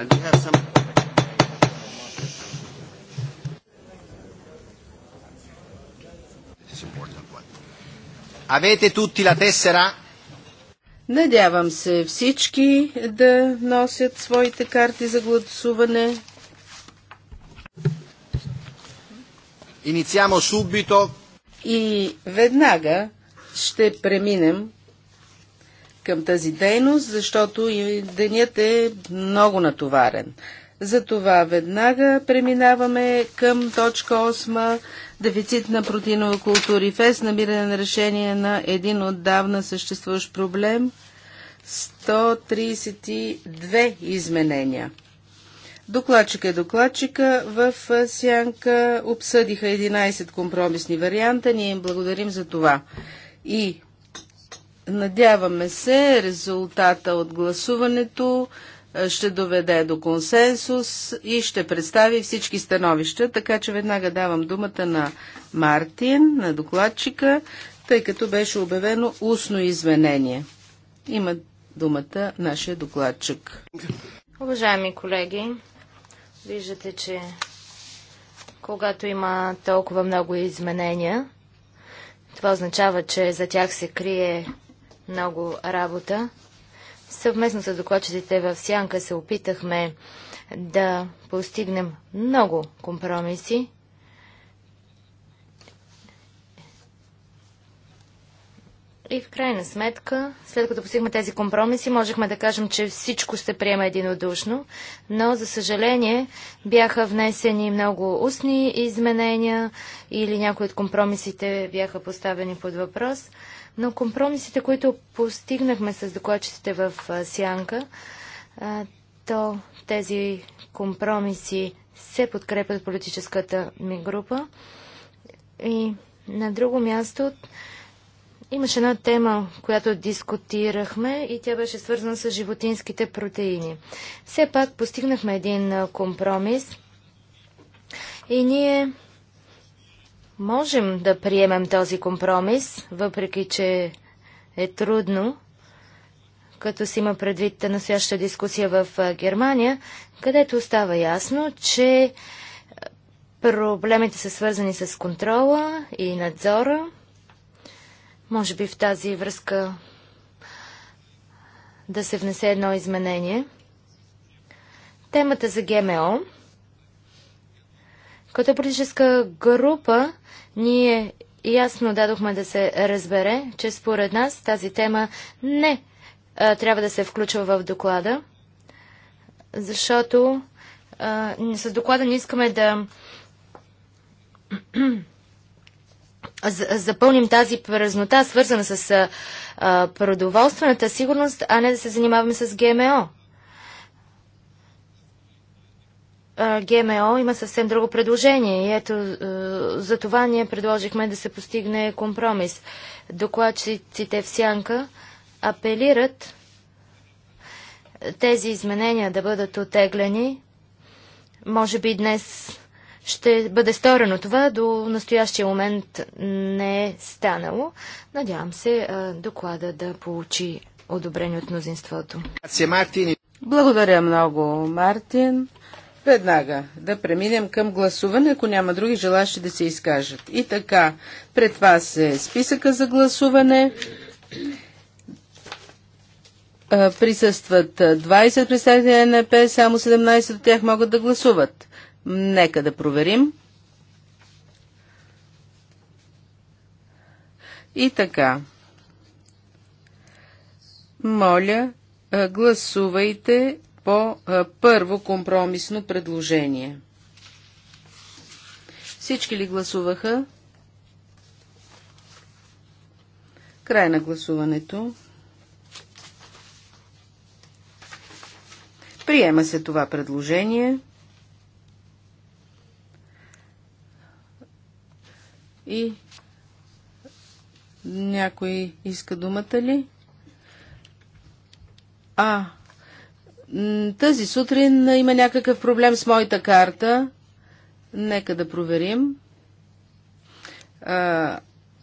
And have some Надявам се всички да носят своите карти за гласуване. И веднага ще преминем към тази дейност, защото и денят е много натоварен. Затова веднага преминаваме към точка 8 дефицит на култура и ФЕС, намиране на решение на един отдавна съществуващ проблем 132 изменения. Докладчика и е докладчика в Сянка обсъдиха 11 компромисни варианта. Ние им благодарим за това. И Надяваме се, резултата от гласуването ще доведе до консенсус и ще представи всички становища, така че веднага давам думата на Мартин, на докладчика, тъй като беше обявено устно изменение. Има думата нашия докладчик. Уважаеми колеги, виждате, че когато има толкова много изменения, това означава, че за тях се крие много работа. Съвместно с докладчиците в Сянка се опитахме да постигнем много компромиси. И в крайна сметка, след като постигнахме тези компромиси, можехме да кажем, че всичко се приема единодушно, но за съжаление бяха внесени много устни изменения или някои от компромисите бяха поставени под въпрос. Но компромисите, които постигнахме с докладчиците в Сянка, то тези компромиси се подкрепят от политическата ми група. И на друго място имаше една тема, която дискутирахме и тя беше свързана с животинските протеини. Все пак постигнахме един компромис и ние Можем да приемем този компромис, въпреки че е трудно, като си има предвид настояща дискусия в Германия, където става ясно, че проблемите са свързани с контрола и надзора. Може би в тази връзка да се внесе едно изменение. Темата за ГМО като политическа група ние ясно дадохме да се разбере, че според нас тази тема не а, трябва да се включва в доклада, защото а, с доклада не искаме да запълним тази празнота, свързана с а, продоволствената сигурност, а не да се занимаваме с ГМО. ГМО има съвсем друго предложение и ето за това ние предложихме да се постигне компромис. Докладчиците в Сянка апелират тези изменения да бъдат отеглени. Може би днес ще бъде сторено това, до настоящия момент не е станало. Надявам се доклада да получи одобрение от мнозинството. Благодаря много, Мартин веднага да преминем към гласуване, ако няма други желащи да се изкажат. И така, пред вас е списъка за гласуване. Присъстват 20 представители на НП, само 17 от тях могат да гласуват. Нека да проверим. И така. Моля, гласувайте по първо компромисно предложение. Всички ли гласуваха? Край на гласуването. Приема се това предложение. И някой иска думата ли? А, тази сутрин има някакъв проблем с моята карта. Нека да проверим.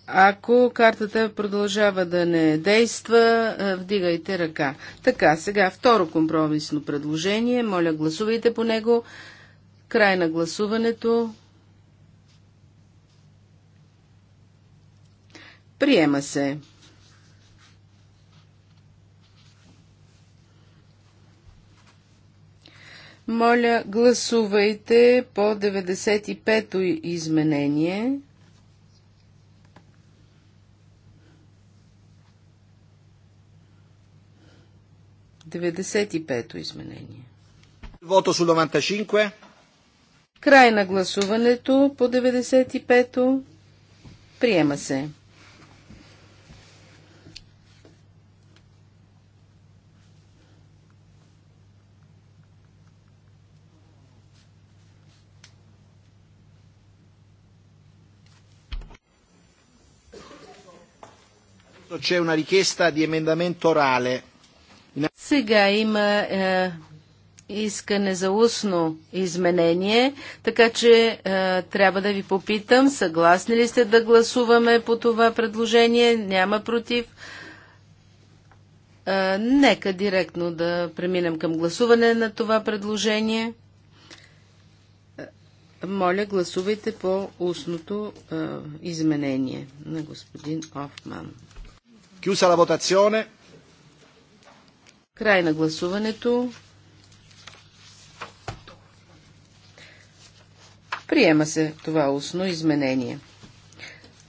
Ако картата продължава да не действа, вдигайте ръка. Така, сега второ компромисно предложение. Моля, гласувайте по него. Край на гласуването. Приема се. Моля, гласувайте по 95-то изменение. изменение. Вото су 95. Край на гласуването по 95-то. Приема се. c'è una richiesta di emendamento orale. Сега има е, искане за устно изменение, така че е, трябва да ви попитам, съгласни ли сте да гласуваме по това предложение? Няма против. Е, нека директно да преминем към гласуване на това предложение. Е, моля, гласувайте по устното е, изменение на господин Офман. Chiusa la votazione. Край на гласуването. Приема се това устно изменение.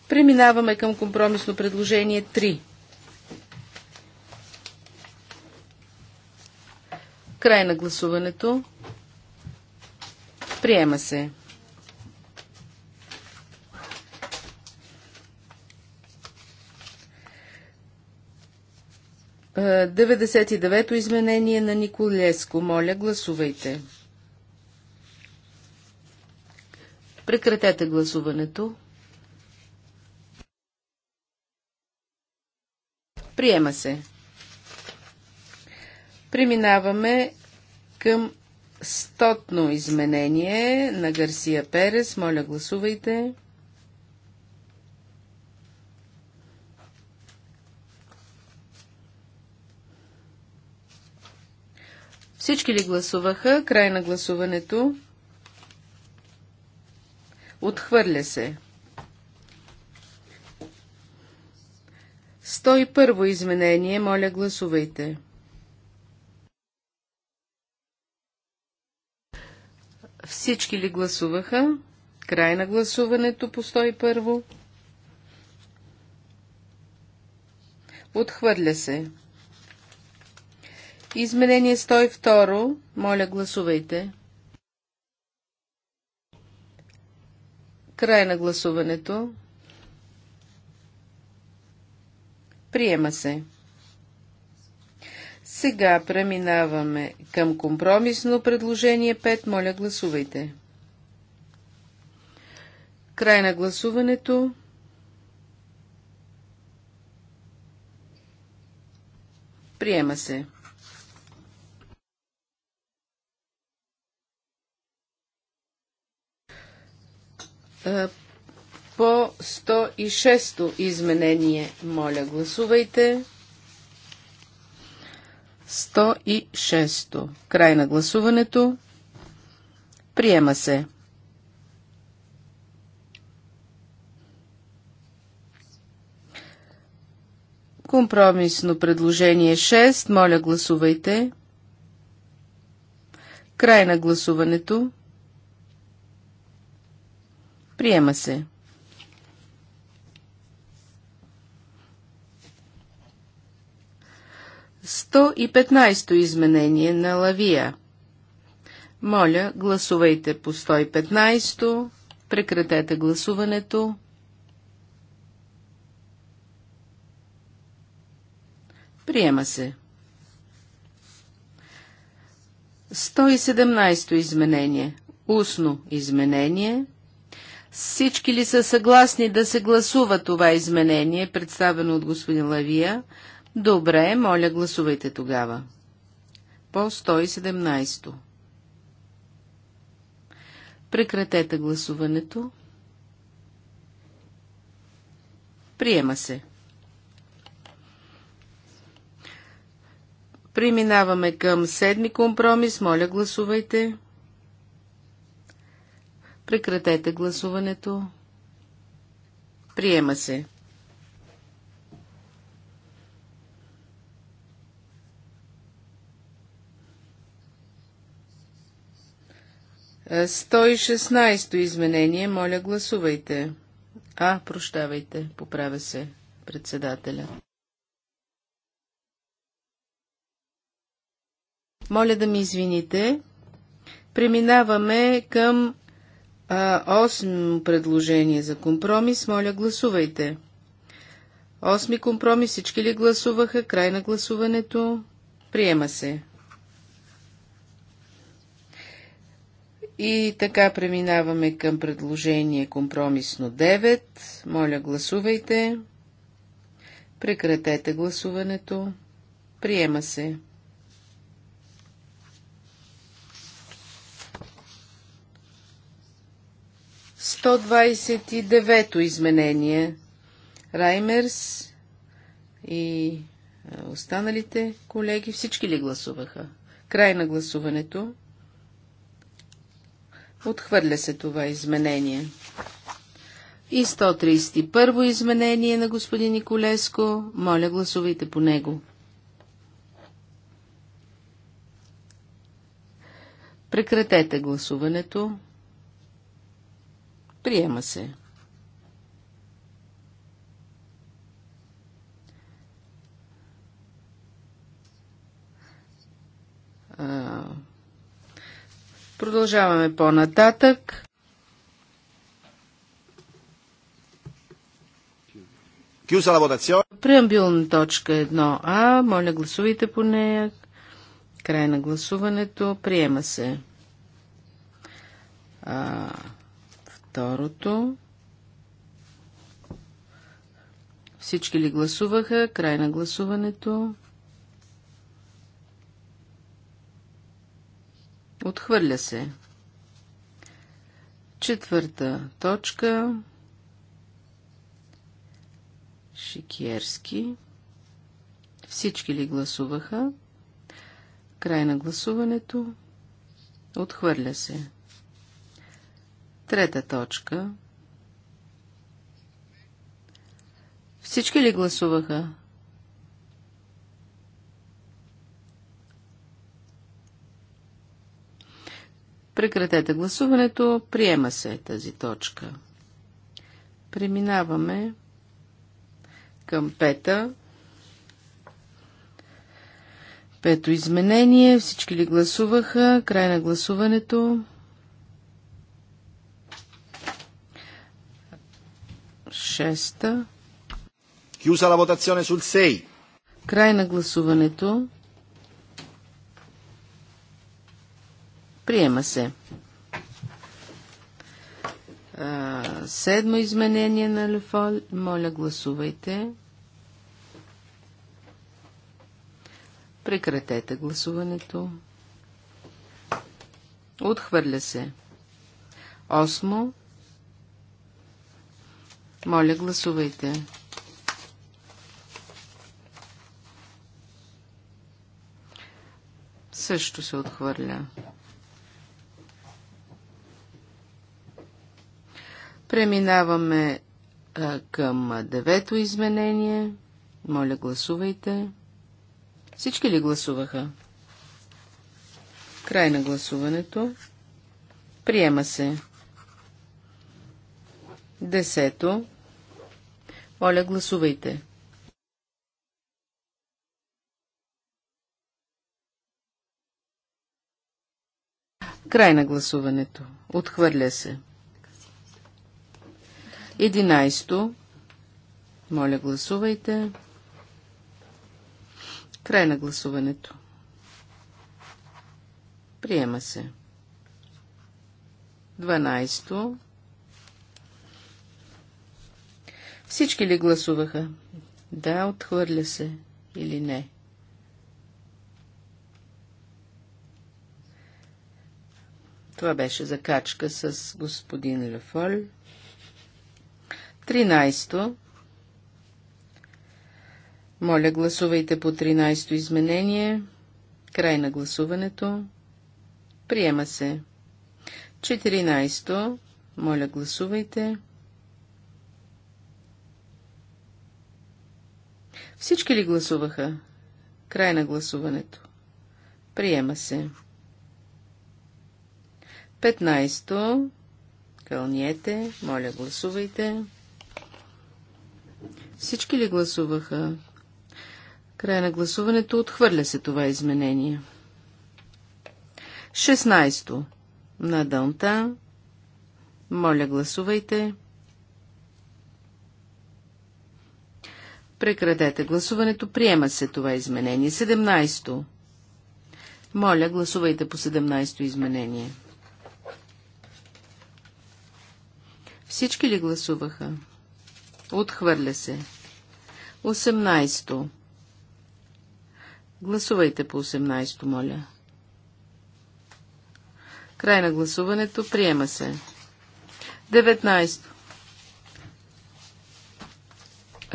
Преминаваме към компромисно предложение 3. Край на гласуването. Приема се. 99-то е, изменение на Николеско. Моля, гласувайте. Прекратете гласуването. Приема се. Преминаваме към стотно изменение на Гарсия Перес. Моля, гласувайте. Всички ли гласуваха? Край на гласуването. Отхвърля се. 101 изменение, моля гласувайте. Всички ли гласуваха? Край на гласуването по 101. Отхвърля се. Изменение 102. Моля, гласувайте. Край на гласуването. Приема се. Сега преминаваме към компромисно предложение 5. Моля, гласувайте. Край на гласуването. Приема се. Е, по 106-то изменение. Моля, гласувайте. 106-то. Край на гласуването. Приема се. Компромисно предложение 6. Моля, гласувайте. Край на гласуването. Приема се. Сто и петнайсто изменение на лавия. Моля, гласувайте по 115. Прекратете гласуването. Приема се. 117 изменение. Устно изменение. Всички ли са съгласни да се гласува това изменение, представено от господин Лавия? Добре, моля, гласувайте тогава. По 117. Прекратете гласуването. Приема се. Преминаваме към седми компромис. Моля, гласувайте. Гласувайте. Прекратете гласуването. Приема се. Сто и шестнайсто изменение, моля гласувайте. А, прощавайте, поправя се председателя. Моля да ми извините. Преминаваме към Осмо предложение за компромис. Моля, гласувайте. Осми компромис. Всички ли гласуваха? Край на гласуването. Приема се. И така преминаваме към предложение компромисно 9. Моля, гласувайте. Прекратете гласуването. Приема се. 129-то изменение. Раймерс и останалите колеги, всички ли гласуваха? Край на гласуването. Отхвърля се това изменение. И 131 изменение на господин Николеско. Моля, гласувайте по него. Прекратете гласуването. Приема се. А, продължаваме по-нататък. Преамбилна точка 1А. Моля, гласувайте по нея. Край на гласуването. Приема се. А, второто. Всички ли гласуваха? Край на гласуването. Отхвърля се. Четвърта точка. Шикерски. Всички ли гласуваха? Край на гласуването. Отхвърля се. Трета точка. Всички ли гласуваха? Прекратете гласуването. Приема се тази точка. Преминаваме към пета. Пето изменение. Всички ли гласуваха? Край на гласуването. 6. Chiusa la votazione sul 6. Край на гласуването. Приема се. седмо изменение на Лефол. Моля, гласувайте. Прекратете гласуването. Отхвърля се. Осмо. Моля, гласувайте. Също се отхвърля. Преминаваме а, към девето изменение. Моля, гласувайте. Всички ли гласуваха? Край на гласуването. Приема се. Десето. Моля, гласувайте. Край на гласуването. Отхвърля се. 11. Моля, гласувайте. Край на гласуването. Приема се. 12. Всички ли гласуваха? Да, отхвърля се или не? Това беше закачка с господин Лефоль. Тринайсто. Моля, гласувайте по 13-то изменение. Край на гласуването. Приема се. 14-то. Моля, гласувайте. Всички ли гласуваха? Край на гласуването. Приема се. 15. то Кълниете. Моля, гласувайте. Всички ли гласуваха? Край на гласуването отхвърля се това изменение. 16. На Дълнта. Моля, гласувайте. Прекратете гласуването. Приема се това изменение. 17. то Моля, гласувайте по 17 то изменение. Всички ли гласуваха? Отхвърля се. 18. то Гласувайте по 18, то моля. Край на гласуването. Приема се. 19. то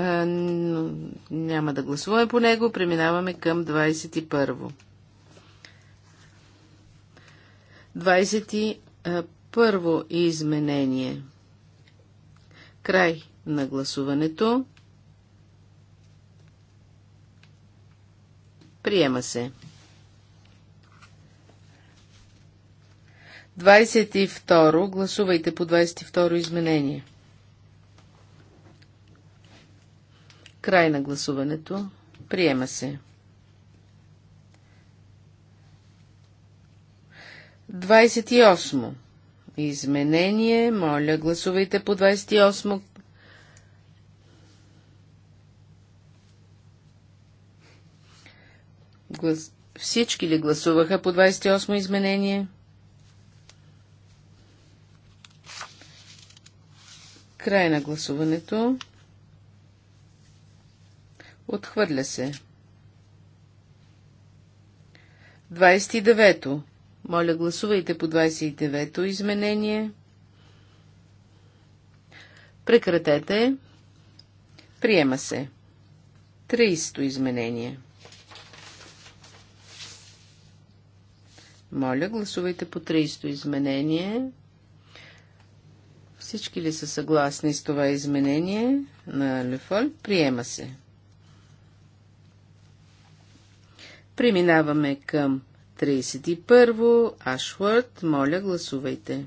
няма да гласуваме по него. Преминаваме към 21. 21 изменение. Край на гласуването. Приема се. 22. Гласувайте по 22 изменение. 22. Край на гласуването. Приема се. 28. Изменение. Моля, гласувайте по 28. Глас... Всички ли гласуваха по 28 изменение? Край на гласуването. Отхвърля се. 29-то. Моля, гласувайте по 29-то изменение. Прекратете. Приема се. 30-то изменение. Моля, гласувайте по 30-то изменение. Всички ли са съгласни с това изменение на Лефоль? Приема се. Преминаваме към 31-во. Ашвард, моля, гласувайте.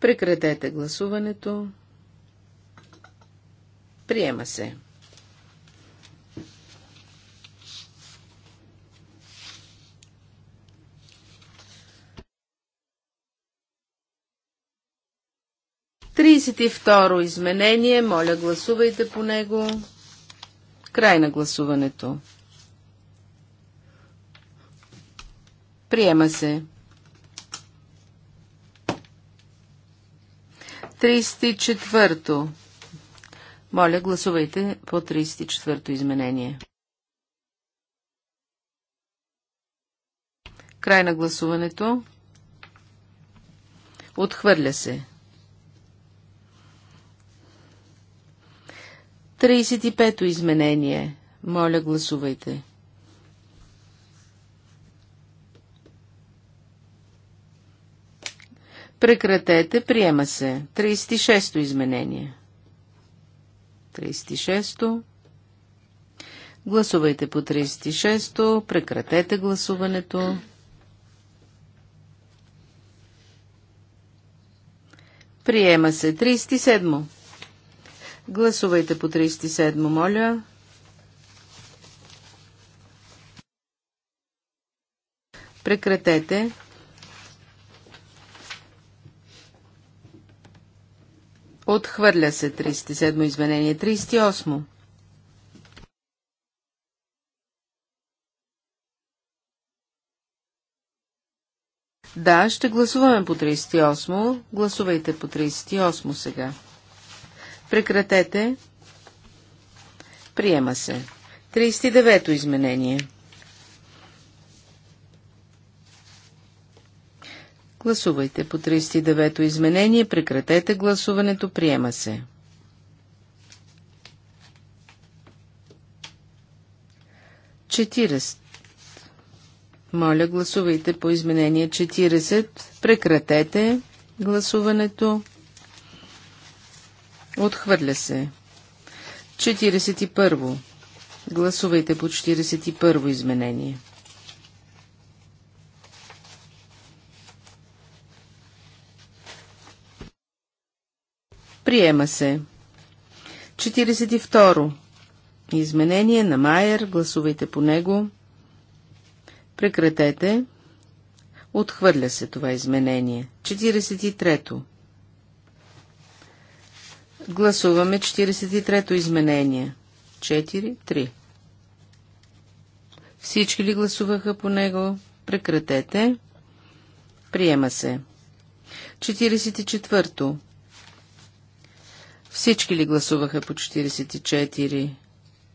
Прекратете гласуването. Приема се. 32 изменение, моля гласувайте по него. Край на гласуването. Приема се. 34. Моля, гласувайте по 34-то изменение. Край на гласуването. Отхвърля се. 35-то изменение. Моля, гласувайте. Прекратете, приема се. 36-то изменение. 36-то. Гласувайте по 36-то. Прекратете гласуването. Приема се. 37-мо. Гласувайте по 37, моля. Прекратете. Отхвърля се 37 изменение. 38. Да, ще гласуваме по 38. Гласувайте по 38 сега. Прекратете. Приема се. 39-то изменение. Гласувайте по 39-то изменение. Прекратете гласуването. Приема се. 40. Моля, гласувайте по изменение 40. Прекратете гласуването. Отхвърля се. 41. Гласувайте по 41 изменение. Приема се. 42. Изменение на Майер. Гласувайте по него. Прекратете. Отхвърля се това изменение. 43. Гласуваме 43-то изменение. 4-3. Всички ли гласуваха по него? Прекратете. Приема се. 44-то. Всички ли гласуваха по 44?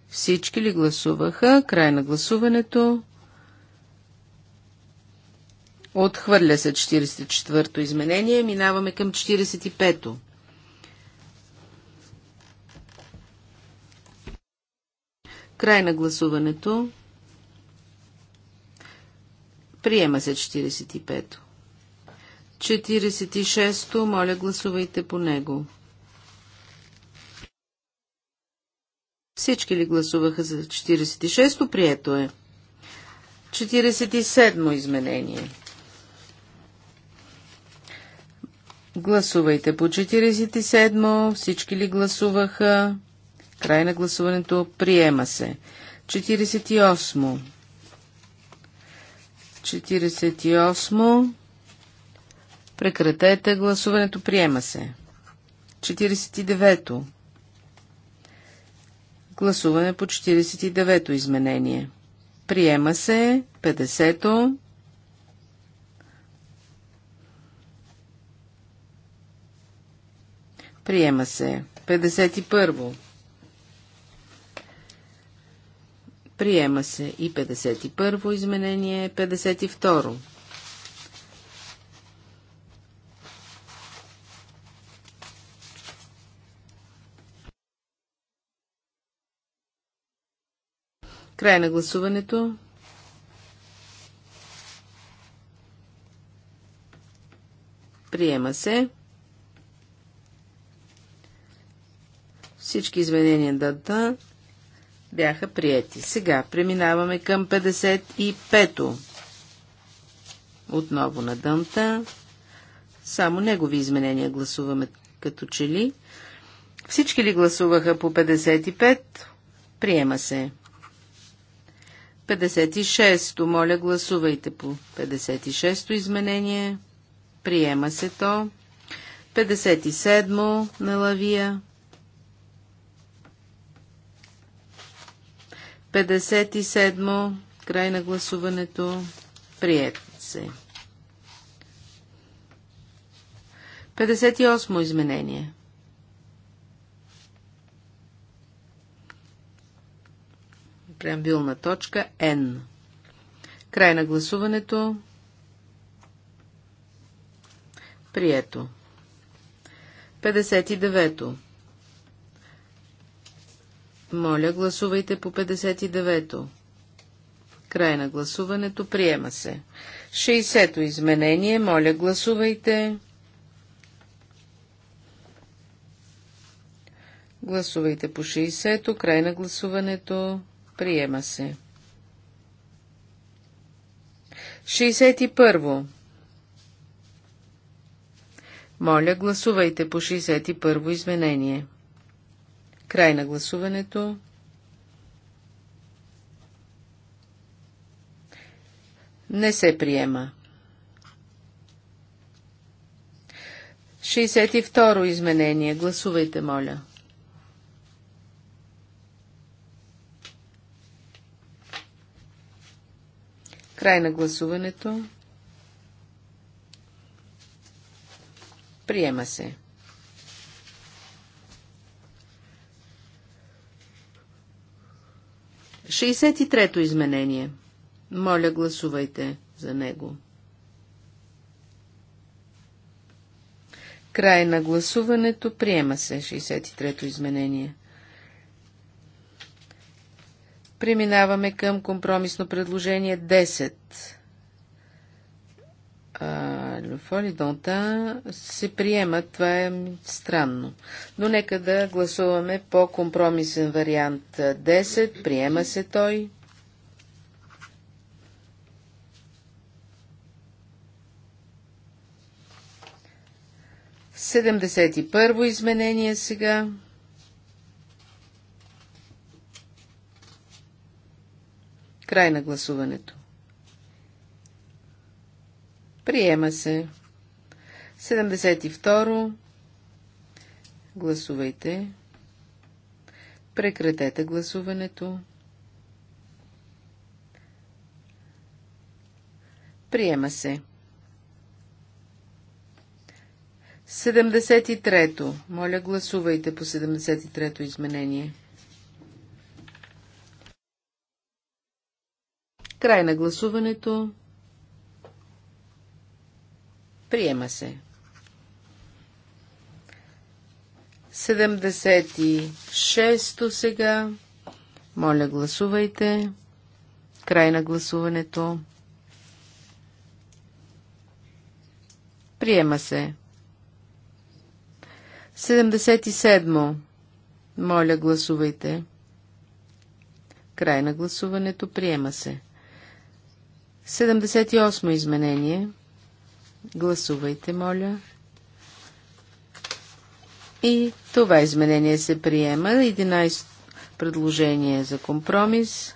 Всички ли гласуваха? Край на гласуването. Отхвърля се 44-то изменение. Минаваме към 45-то. Край на гласуването. Приема се 45-то. 46-то, моля гласувайте по него. Всички ли гласуваха за 46-то? Прието е. 47-мо изменение. Гласувайте по 47-мо. Всички ли гласуваха? Край на гласуването. Приема се. 48. 48. Прекратете гласуването. Приема се. 49. Гласуване по 49-то изменение. Приема се 50-то. Приема се 51-во. Приема се и 51-во изменение, 52-ро. Край на гласуването. Приема се. Всички изменения дата. Да бяха прияти. Сега преминаваме към 55-то. Отново на Дънта. Само негови изменения гласуваме като че ли. Всички ли гласуваха по 55? Приема се. 56-то, моля гласувайте по 56-то изменение. Приема се то. 57-мо на лавия. 57. Край на гласуването. Прият се. 58 изменение. Преамбилна точка Н. Край на гласуването. Прието. 59. Моля, гласувайте по 59-то. Край на гласуването. Приема се. 60-то изменение. Моля, гласувайте. Гласувайте по 60-то. Край на гласуването. Приема се. 61. во Моля, гласувайте по 61 во изменение. Край на гласуването. Не се приема. 62 изменение. Гласувайте, моля. Край на гласуването. Приема се. 63-то изменение. Моля, гласувайте за него. Край на гласуването приема се 63-то изменение. Преминаваме към компромисно предложение 10. Люфоли Донта се приемат. Това е странно. Но нека да гласуваме по компромисен вариант 10. Приема се той. Седемдесет и първо изменение сега. Край на гласуването. Приема се. 72. Гласувайте. Прекратете гласуването. Приема се. 73-то. Моля, гласувайте по 73-то изменение. Край на гласуването. Приема се. 76-то сега. Моля, гласувайте. Край на гласуването. Приема се. 77. Моля, гласувайте. Край на гласуването. Приема се. 78 изменение. Гласувайте, моля. И това изменение се приема. 11 предложение за компромис.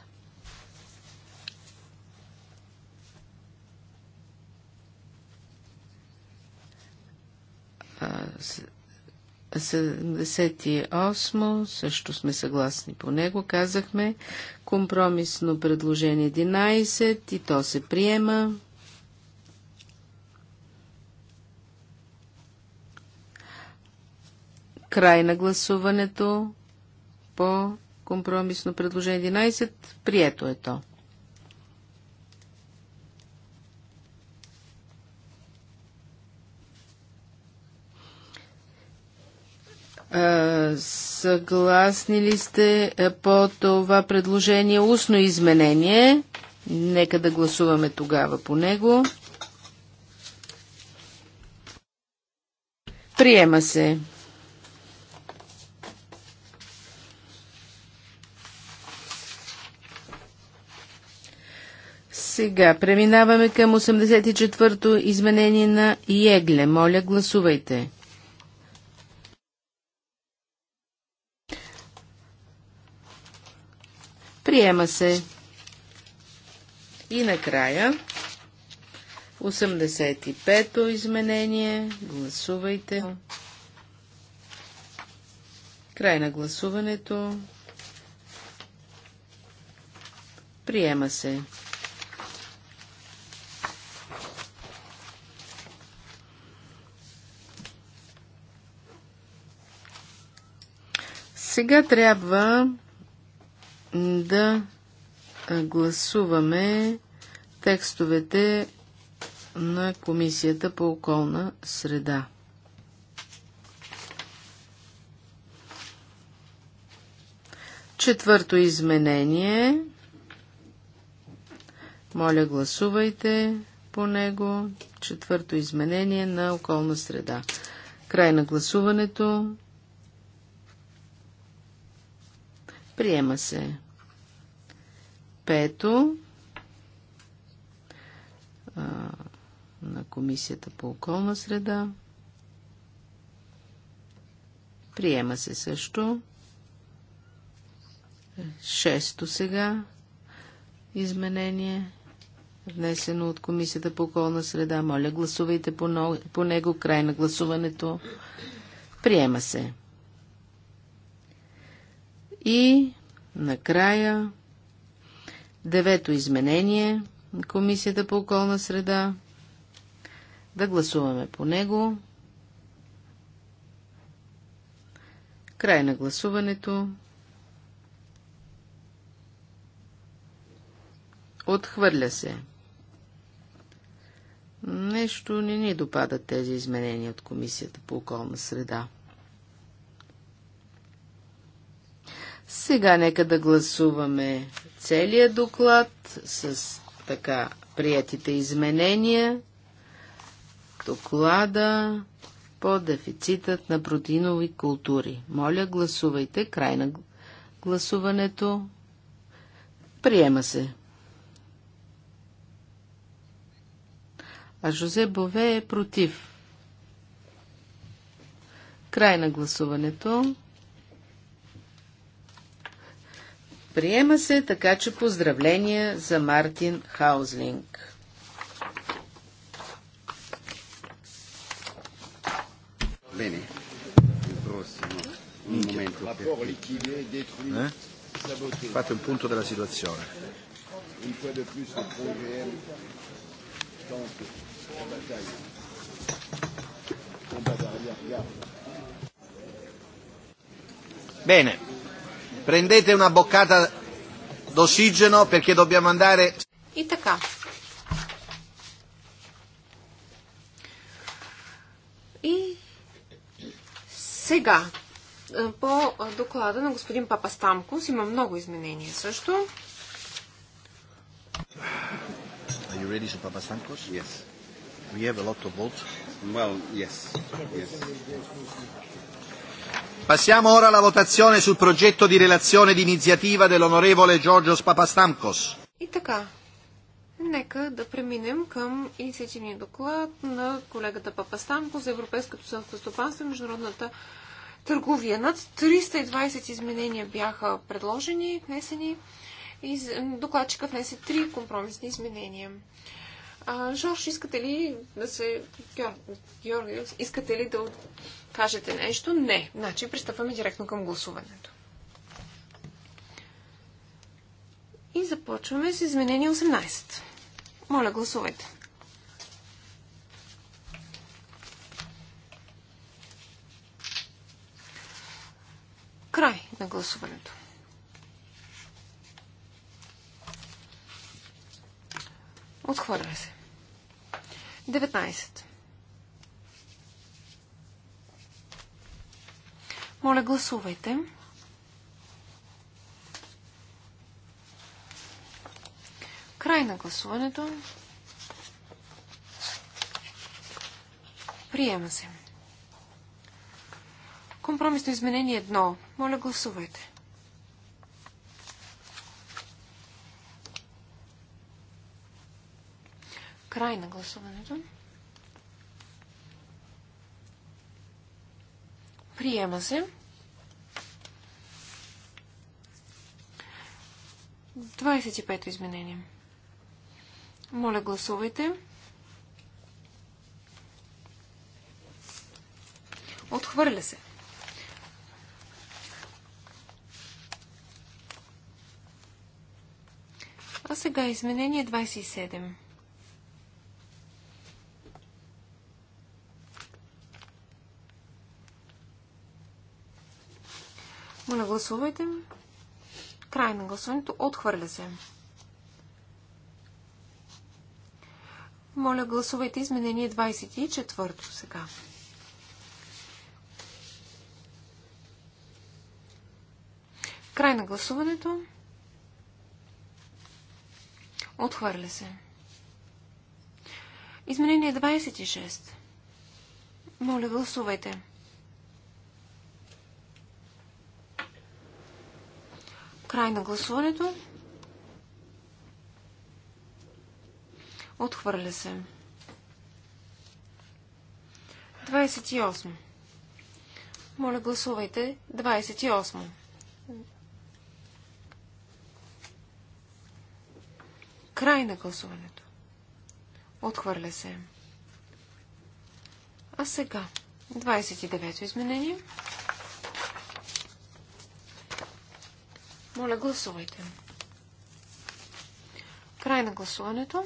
седесети 78, също сме съгласни по него, казахме. Компромисно предложение 11 и то се приема. Край на гласуването по компромисно предложение 11. Прието е то. Съгласни ли сте по това предложение устно изменение? Нека да гласуваме тогава по него. Приема се. Сега преминаваме към 84-то изменение на Егле. Моля, гласувайте. Приема се. И накрая 85-то изменение. Гласувайте. Край на гласуването. Приема се. Сега трябва да гласуваме текстовете на Комисията по околна среда. Четвърто изменение. Моля, гласувайте по него. Четвърто изменение на околна среда. Край на гласуването. Приема се. Пето а, на Комисията по околна среда. Приема се също. Шесто сега изменение, внесено от Комисията по околна среда. Моля, гласувайте по, по него. Край на гласуването. Приема се. И накрая девето изменение на Комисията по околна среда. Да гласуваме по него. Край на гласуването. Отхвърля се. Нещо не ни допадат тези изменения от Комисията по околна среда. Сега нека да гласуваме целият доклад с така приятите изменения. Доклада по дефицитът на протеинови култури. Моля, гласувайте. Край на гласуването. Приема се. А Жозе Бове е против. Край на гласуването. Приема се, така че поздравления за Мартин Хаузлинг. Bene, il prossimo, un momento per... Eh? Fate un punto della situazione. Une fois de plus, le projet tente la bataille. Bene. Prendete una boccata d'ossigeno perché dobbiamo andare... И така. И сега, по доклада на господин Папа Стамкос има много изменения също. Are you ready, Papa Stamkos? Yes. We have a lot of votes. Well, yes. yes. Passiamo ora alla votazione sul progetto di relazione d'iniziativa dell'onorevole Giorgios Papastamkos. И така, нека да преминем към инициативния доклад на колегата Папастамко за Европейското селскостопанство и международната търговия. Над 320 изменения бяха предложени, внесени и докладчика внесе три компромисни изменения. А, Жорж, искате ли да се... Георги, искате ли да кажете нещо? Не. Значи пристъпваме директно към гласуването. И започваме с изменение 18. Моля, гласувайте. Край на гласуването. Отхвърля се. 19. Моля, гласувайте. Край на гласуването. Приема се. Компромисно изменение 1. Моля, гласувайте. 19. Край на гласуването. Приема се. 25 изменение. Моля, гласувайте. Отхвърля се. А сега изменение 27. Моля, гласувайте. Край на гласуването. Отхвърля се. Моля, гласувайте изменение 24 то сега. Край на гласуването. Отхвърля се. Изменение 26. Моля, гласувайте. Край на гласуването. Отхвърля се. 28. Моля, гласувайте. 28. Край на гласуването. Отхвърля се. А сега 29-то изменение. Моля, гласувайте. Край на гласуването.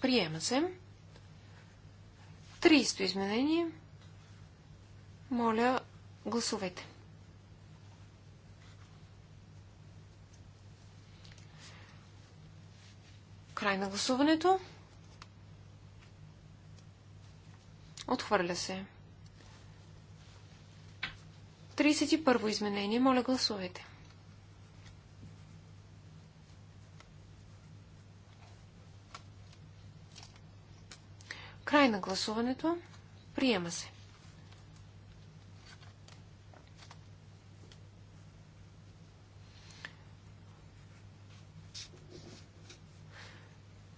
Приема се. 30 изменение. Моля, гласувайте. Край на гласуването. Отхвърля се. 31 изменение. Моля, гласувайте. Край на гласуването. Приема се.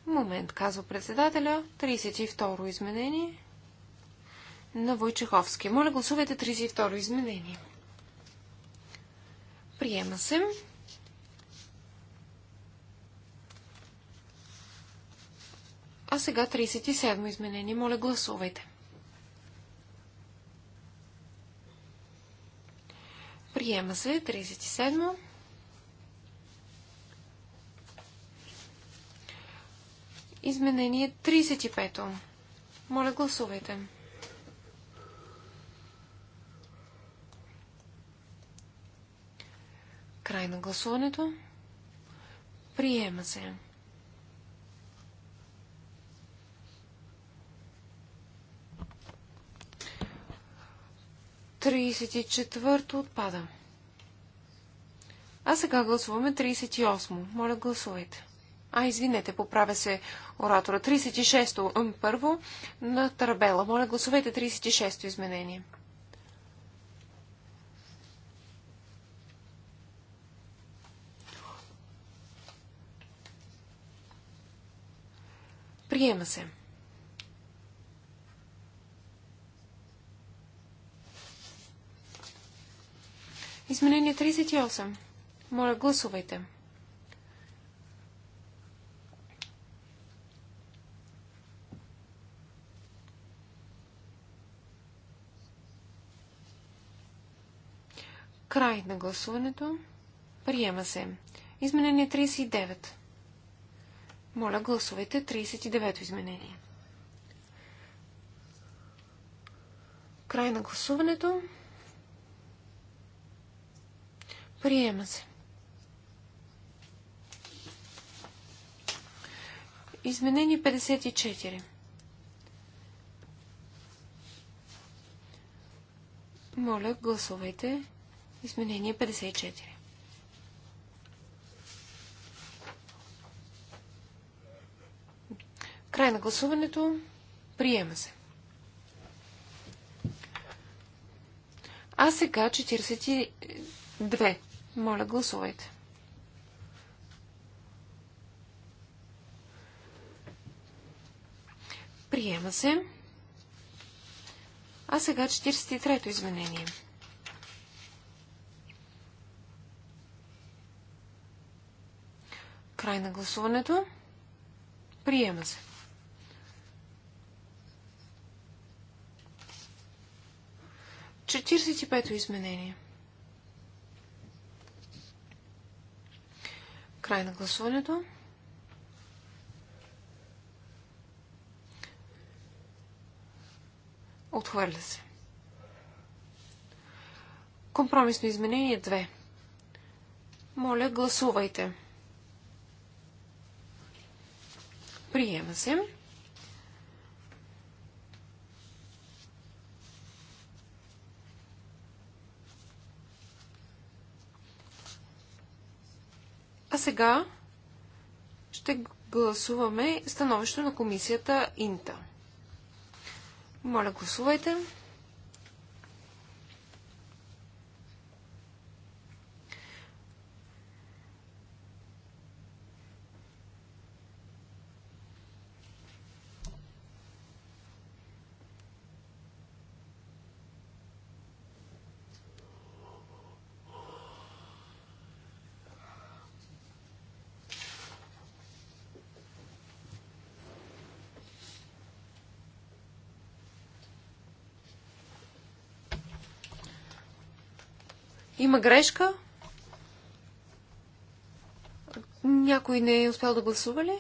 Момент, казва председателя. 32 изменение на Войчеховски. Моля, гласувайте 32 изменение. Приема се. А сега 37 изменение. Моля, гласувайте. Приема се 37. Изменение 35. Моля, гласувайте. Край на гласуването. Приема се. Тридесет и четвърто отпада. А сега гласуваме 38. Моля, гласувайте. А, извинете, поправя се оратора. 36-то първо на тарабела. Моля, гласувайте 36-то изменение. Приема се. Изменение 38. Моля, гласувайте. Край на гласуването. Приема се. Изменение 39. Моля, гласувайте 39-то изменение. Край на гласуването. Приема се. Изменение 54. Моля, гласувайте. Изменение 54. Край на гласуването. Приема се. А сега 42. Моля, гласувайте. Приема се. А сега 43-то изменение. Край на гласуването. Приема се. 45-то изменение. Край на гласуването. Отхвърля се. Компромисно изменение 2. Моля, гласувайте. Приема се. А сега ще гласуваме становището на комисията Инта. Моля, гласувайте. Има грешка? Някой не е успял да гласува ли?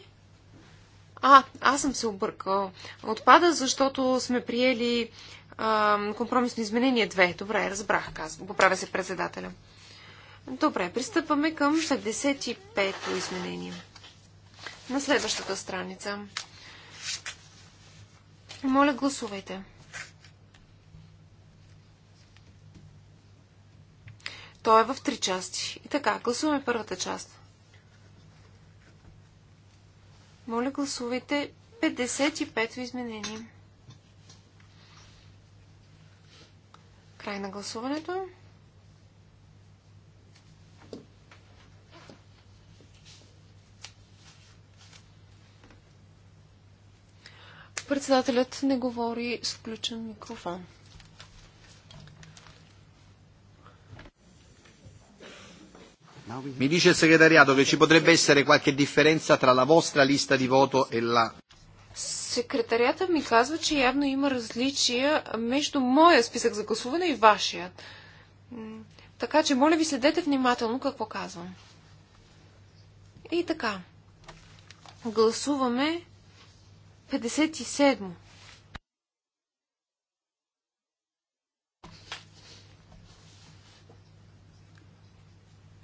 А, аз съм се объркал. Отпада, защото сме приели а, компромисно изменение 2. Добре, разбрах, казвам. Поправя се председателя. Добре, пристъпваме към 55-то изменение. На следващата страница. Моля, гласувайте. Той е в три части. И така, гласуваме първата част. Моля, гласувайте 55-то изменение. Край на гласуването. Председателят не говори с включен микрофон. Mi dice il segretariato che ci potrebbe essere qualche differenza tra la vostra lista di voto e la... Секретарията ми казва, че явно има различия между моя списък за гласуване и вашия. Така че, моля ви, следете внимателно какво казвам. И така. Гласуваме 57.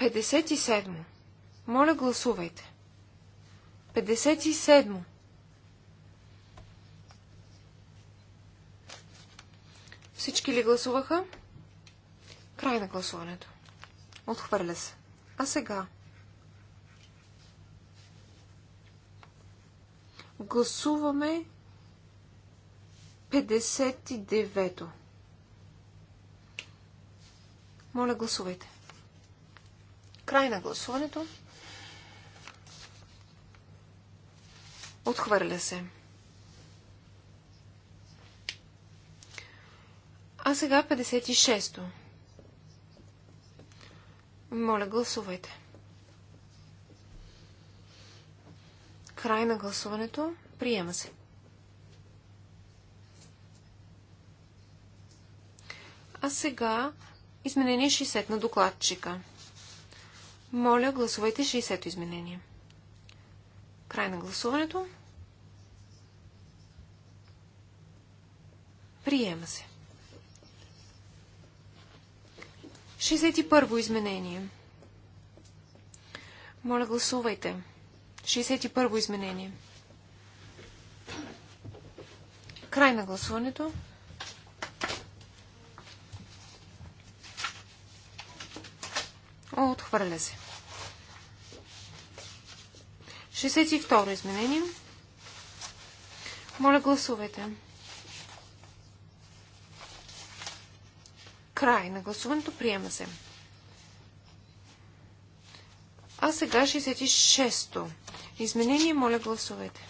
57. Моля, гласувайте. 57. Всички ли гласуваха? Край на гласуването. Отхвърля се. А сега? Гласуваме 59-то. Моля, гласувайте. 59. Край на гласуването. Отхвърля се. А сега 56-то. Моля, гласувайте. Край на гласуването. Приема се. А сега изменение 60 на докладчика. Моля, гласувайте 60-то изменение. Край на гласуването. Приема се. 61-во изменение. Моля, гласувайте. 61-во изменение. Край на гласуването. Отхвърля се. 62 изменение. Моля, гласувайте. Край на гласуването. Приема се. А сега 66-то. Изменение, моля, гласувайте.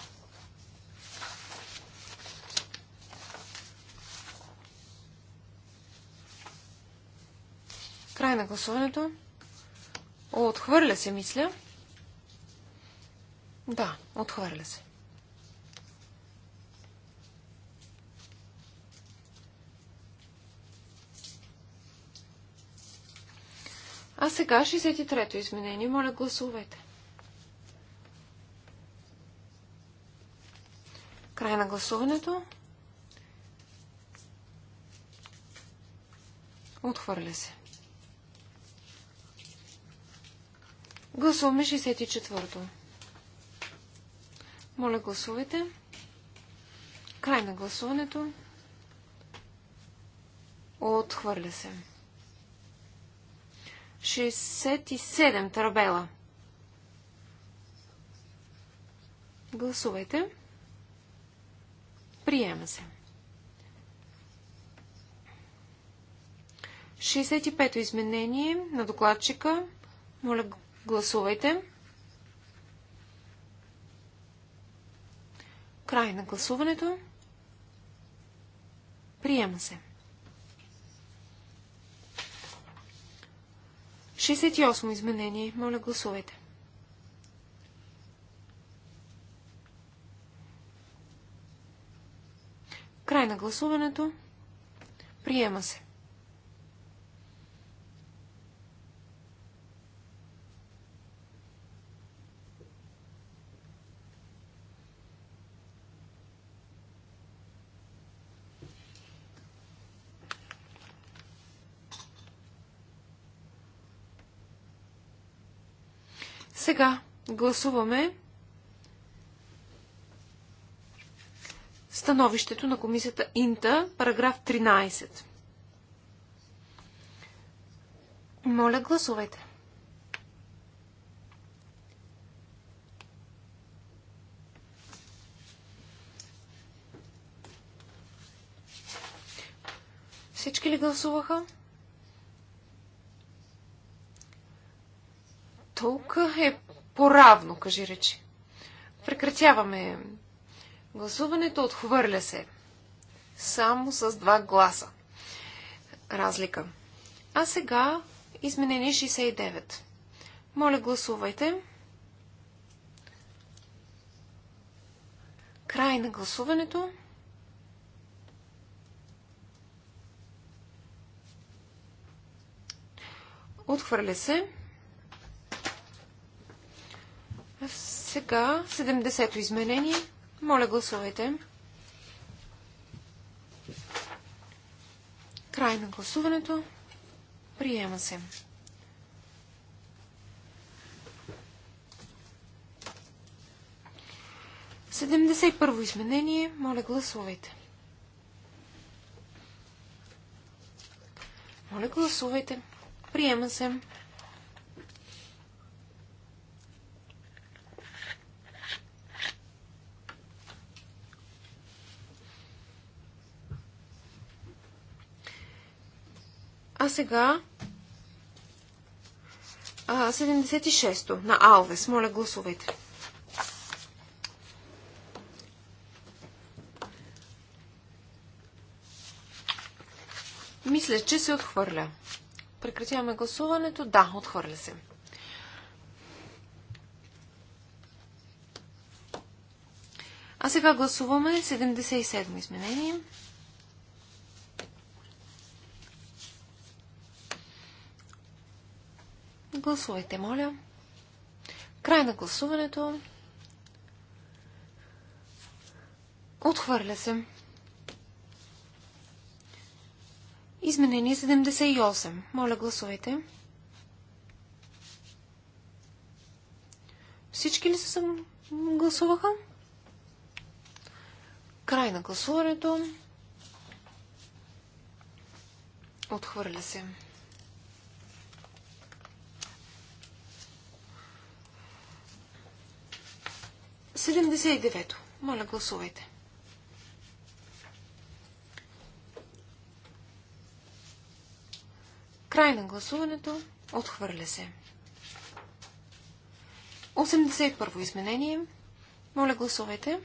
Край на гласуването. Отхвърля се, мисля. Да, отхвърля се. А сега 63-то изменение. Моля, гласувайте. Край на гласуването. Отхвърля се. Гласуваме 64-то. Моля, гласувайте. Край на гласуването. Отхвърля се. 67 тарабела. Гласувайте. Приема се. 65-то изменение на докладчика. Моля, Гласувайте. Край на гласуването. Приема се. 68 изменение. Моля, гласувайте. Край на гласуването. Приема се. Сега гласуваме становището на комисията Инта, параграф 13. Моля, гласувайте. Всички ли гласуваха? толка е по-равно, кажи речи. Прекратяваме гласуването, отхвърля се. Само с два гласа. Разлика. А сега изменение 69. Моля, гласувайте. Край на гласуването. Отхвърля се. Сега 70-то изменение. Моля, гласувайте. Край на гласуването. Приема се. Седемдесет първо изменение. Моля, гласувайте. Моля, гласувайте. Приема се. А сега 76-то на Алвес. Моля, гласувайте. Мисля, че се отхвърля. Прекратяваме гласуването. Да, отхвърля се. А сега гласуваме 77 изменение. Гласувайте, моля. Край на гласуването. Отхвърля се. Изменение 78. Моля, гласувайте. Всички ли се съм гласуваха? Край на гласуването. Отхвърля се. 79-то. Моля, гласувайте. Край на гласуването. Отхвърля се. 81-во изменение. Моля, гласувайте.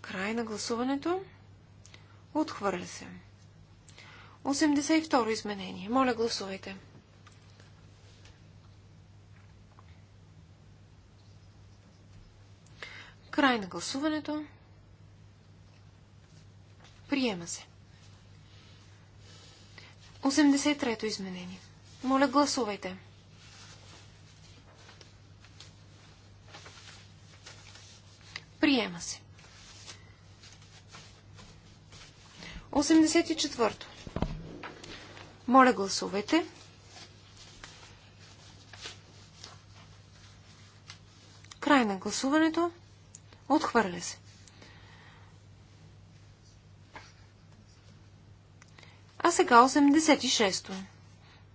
Край на гласуването. Отхвърля се. 82 изменение. Моля, гласувайте. Край на гласуването. Приема се. 83-то изменение. Моля, гласувайте. Приема се. 84-то. Моля, гласувайте. Край на гласуването. Отхвърля се. А сега 86-то.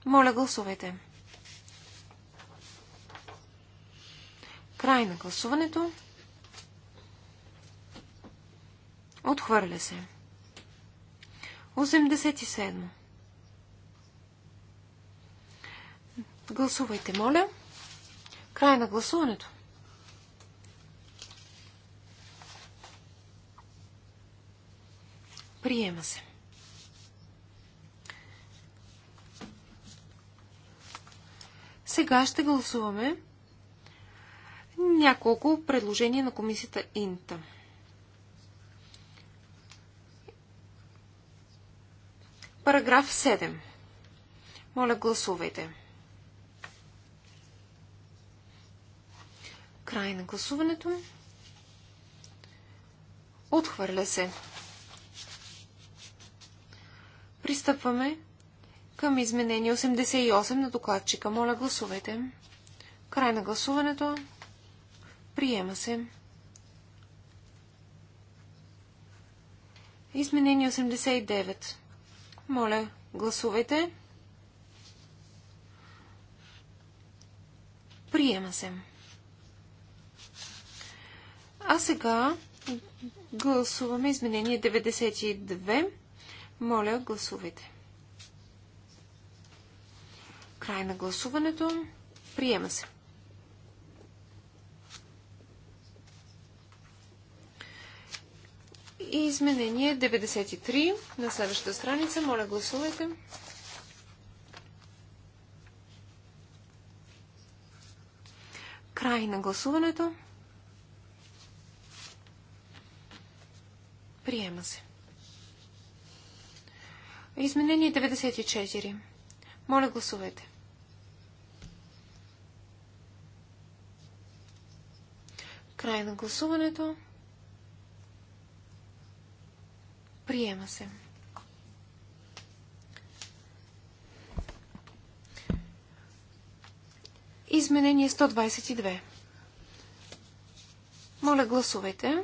Моля, гласувайте. Край на гласуването. Отхвърля се. 87. Гласувайте, моля. Край на гласуването. Приема се. Сега ще гласуваме няколко предложения на комисията Инта. Параграф 7. Моля, гласувайте. Край на гласуването. Отхвърля се. Пристъпваме към изменение 88 на докладчика. Моля, гласувайте. Край на гласуването. Приема се. Изменение 89. Моля, гласувайте. Приема се. А сега гласуваме изменение 92. Моля, гласувайте. Край на гласуването. Приема се. И изменение 93 на следващата страница. Моля, гласувайте. Край на гласуването. Приема се. Изменение 94. Моля, гласувайте. Край на гласуването. Приема се. Изменение 122. Моля, гласувайте.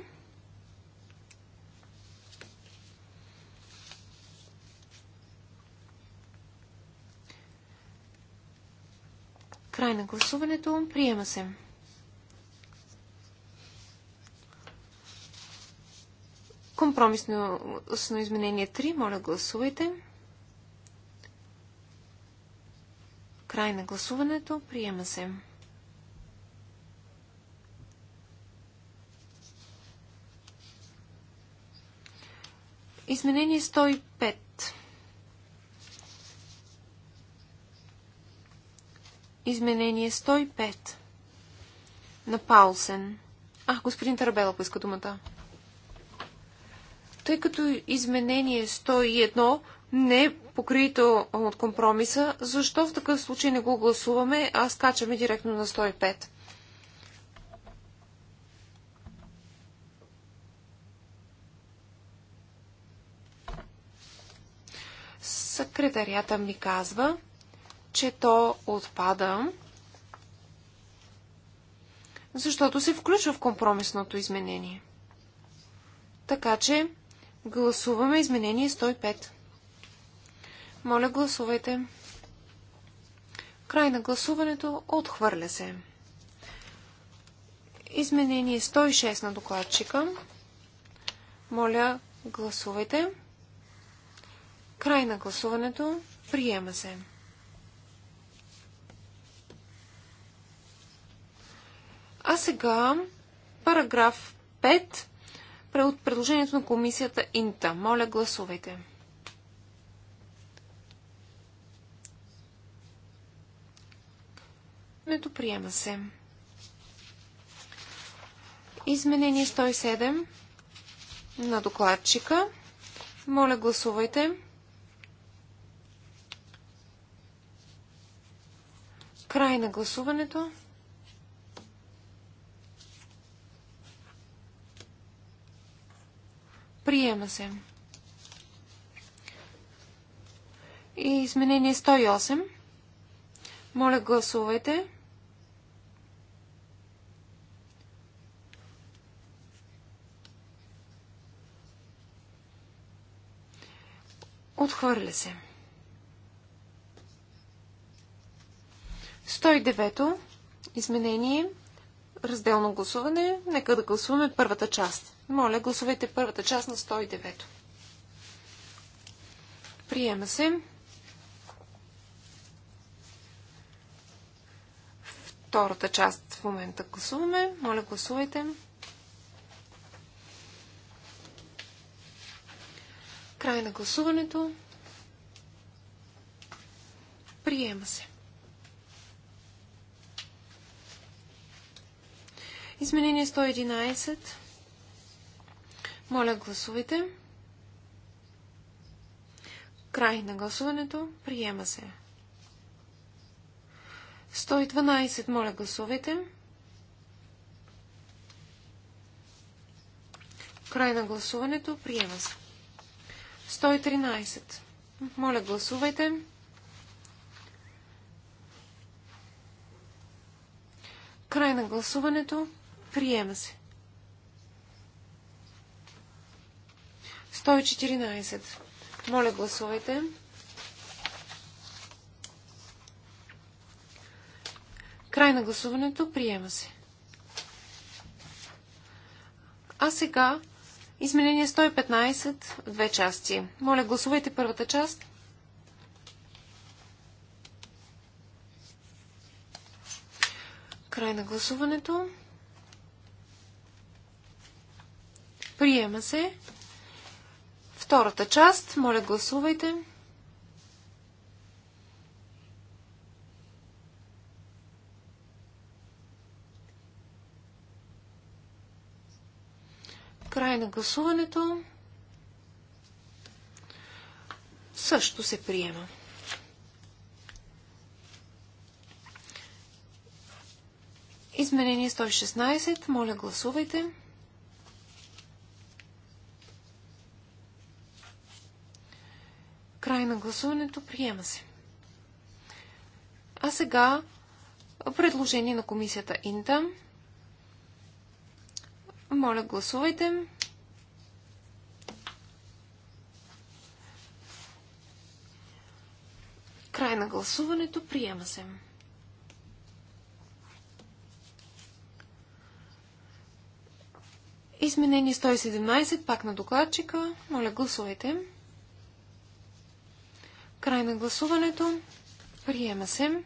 Край на гласуването. Приема се. Компромисно изменение 3. Моля, гласувайте. Край на гласуването. Приема се. Изменение 105 Изменение 105 на Паулсен. А, господин Тарабела поиска думата. Тъй като изменение 101 не е покрито от компромиса, защо в такъв случай не го гласуваме, а скачаме директно на 105? Секретарията ми казва, че то отпада, защото се включва в компромисното изменение. Така че гласуваме изменение 105. Моля, гласувайте. Край на гласуването отхвърля се. Изменение 106 на докладчика. Моля, гласувайте. Край на гласуването. Приема се. А сега параграф 5 от предложението на комисията Инта. Моля, гласувайте. Не доприема се. Изменение 107 на докладчика. Моля, гласувайте. Край на гласуването. Приема се. И изменение 108. Моля, гласувайте. Отхвърля се. 109-то изменение, разделно гласуване. Нека да гласуваме първата част. Моля, гласувайте първата част на 109. Приема се. Втората част в момента гласуваме. Моля, гласувайте. Край на гласуването. Приема се. Изменение 111. Моля, гласувайте. Край на гласуването. Приема се. 112. Моля, гласувайте. Край на гласуването. Приема се. 113. Моля, гласувайте. Край на гласуването. Приема се. 114. Моля, гласувайте. Край на гласуването. Приема се. А сега изменение 115 в две части. Моля, гласувайте първата част. Край на гласуването. Приема се. Втората част, моля гласувайте. Край на гласуването. Също се приема. Изменение 116. Моля гласувайте. Край на гласуването. Приема се. А сега предложение на комисията Инта. Моля, гласувайте. Край на гласуването. Приема се. Изменение 117, пак на докладчика. Моля, гласувайте. Край на гласуването. Приема се.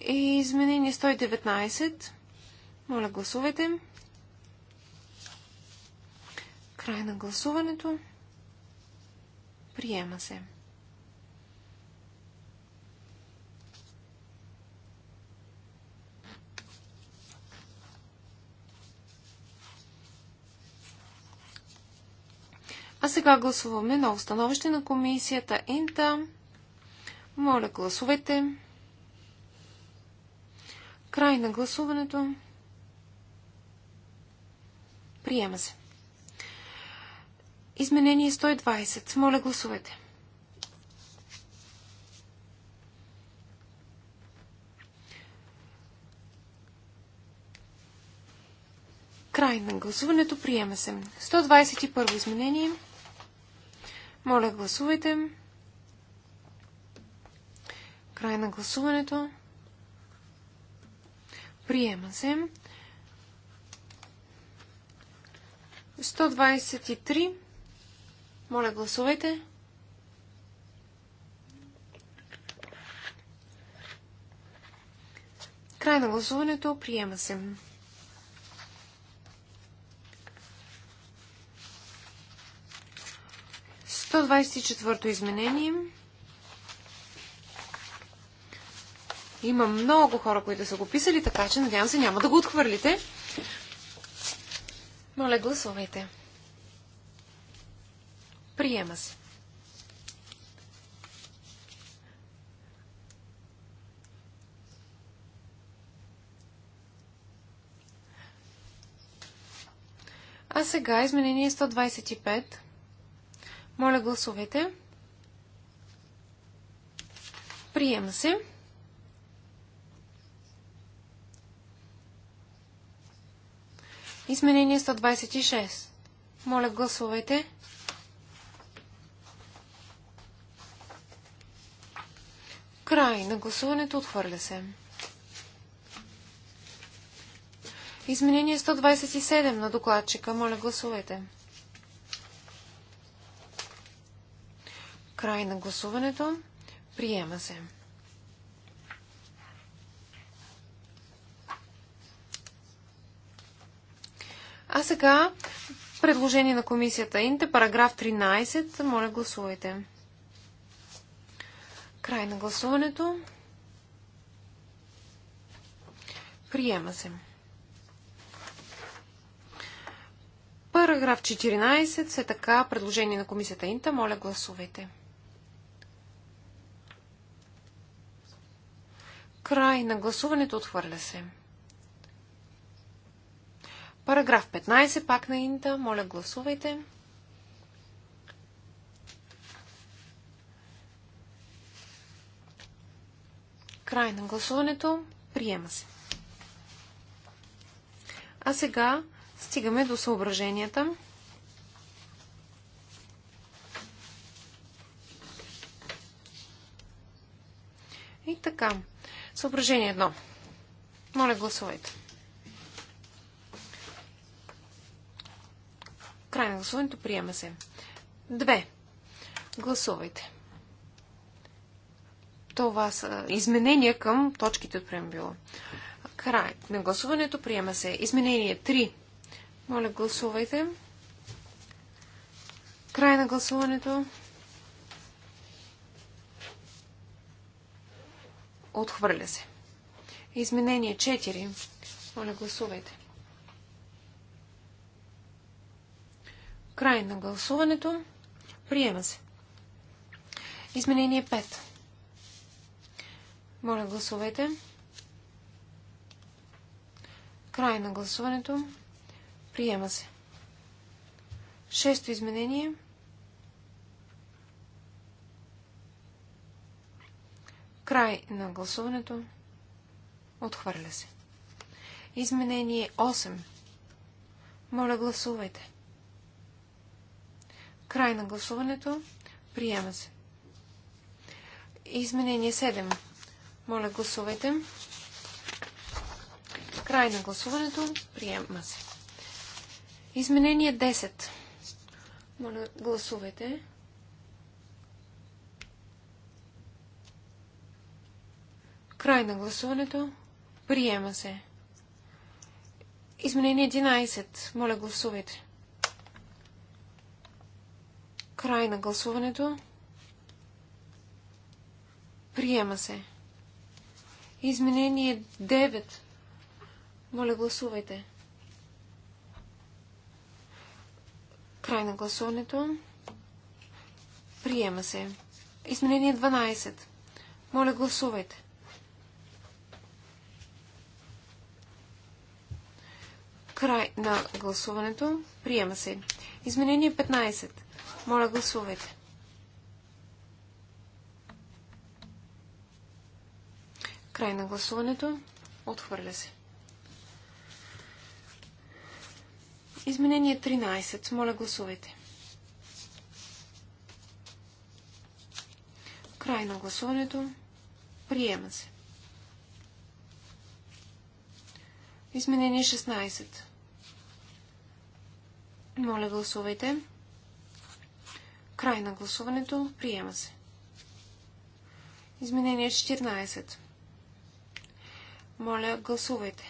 И изменение 119. Моля, гласувайте. Край на гласуването. Приема се. А сега гласуваме ново становище на комисията Инта. Моля, гласувайте. Край на гласуването. Приема се. Изменение 120. Моля, гласувайте. Край на гласуването. Приема се. 121 изменение. Моля, гласувайте. Край на гласуването. Приема се. 123. Моля, гласувайте. Край на гласуването. Приема се. 124-то изменение. Има много хора, които са го писали, така че надявам се няма да го отхвърлите. Моля, гласувайте. Приема се. А сега изменение 125. Моля, гласувайте. Приема се. Изменение 126. Моля, гласувайте. Край на гласуването отхвърля се. Изменение 127 на докладчика. Моля, гласувайте. Край на гласуването. Приема се. А сега предложение на комисията Инте, параграф 13. Моля, гласувайте. Край на гласуването. Приема се. Параграф 14. Все така, предложение на комисията Инта. Моля, гласувайте. Край на гласуването отхвърля се. Параграф 15, пак на Инта. Моля, гласувайте. Край на гласуването. Приема се. А сега стигаме до съображенията. И така. Съображение едно. Моля, гласувайте. Край на гласуването приема се. Две. Гласувайте. Това са изменения към точките от преамбюла. Край на гласуването приема се. Изменение 3. Моля, гласувайте. Край на гласуването. Отхвърля се. Изменение 4. Моля, гласувайте. Край на гласуването. Приема се. Изменение 5. Моля, гласувайте. Край на гласуването. Приема се. Шесто изменение. Край на гласуването. Отхвърля се. Изменение 8. Моля, гласувайте. Край на гласуването. Приема се. Изменение 7. Моля, гласувайте. Край на гласуването. Приема се. Изменение 10. Моля, гласувайте. Край на гласуването. Приема се. Изменение 11. Моля, гласувайте. Край на гласуването. Приема се. Изменение 9. Моля, гласувайте. Край на гласуването. Приема се. Изменение 12. Моля, гласувайте. Край на гласуването. Приема се. Изменение 15. Моля, гласувайте. Край на гласуването. Отхвърля се. Изменение 13. Моля, гласувайте. Край на гласуването. Приема се. Изменение 16. Моля, гласувайте. Край на гласуването. Приема се. Изменение 14. Моля, гласувайте.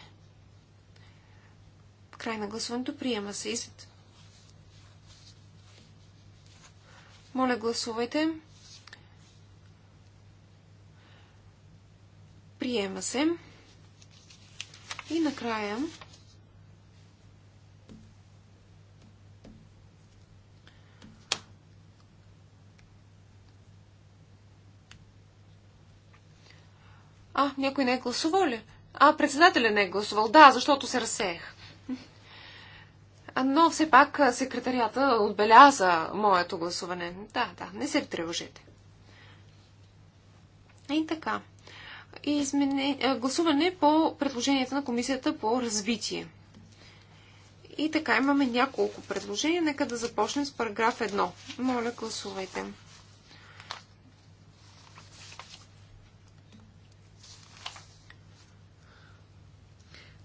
Край на гласуването. Приема се. Моля, гласувайте. Приема се. И накрая А, някой не е гласувал ли? А, председателя не е гласувал. Да, защото се разсеях. Но все пак секретарията отбеляза моето гласуване. Да, да, не се тревожете. И така. И измене... гласуване по предложенията на комисията по развитие. И така, имаме няколко предложения. Нека да започнем с параграф 1. Моля, гласувайте.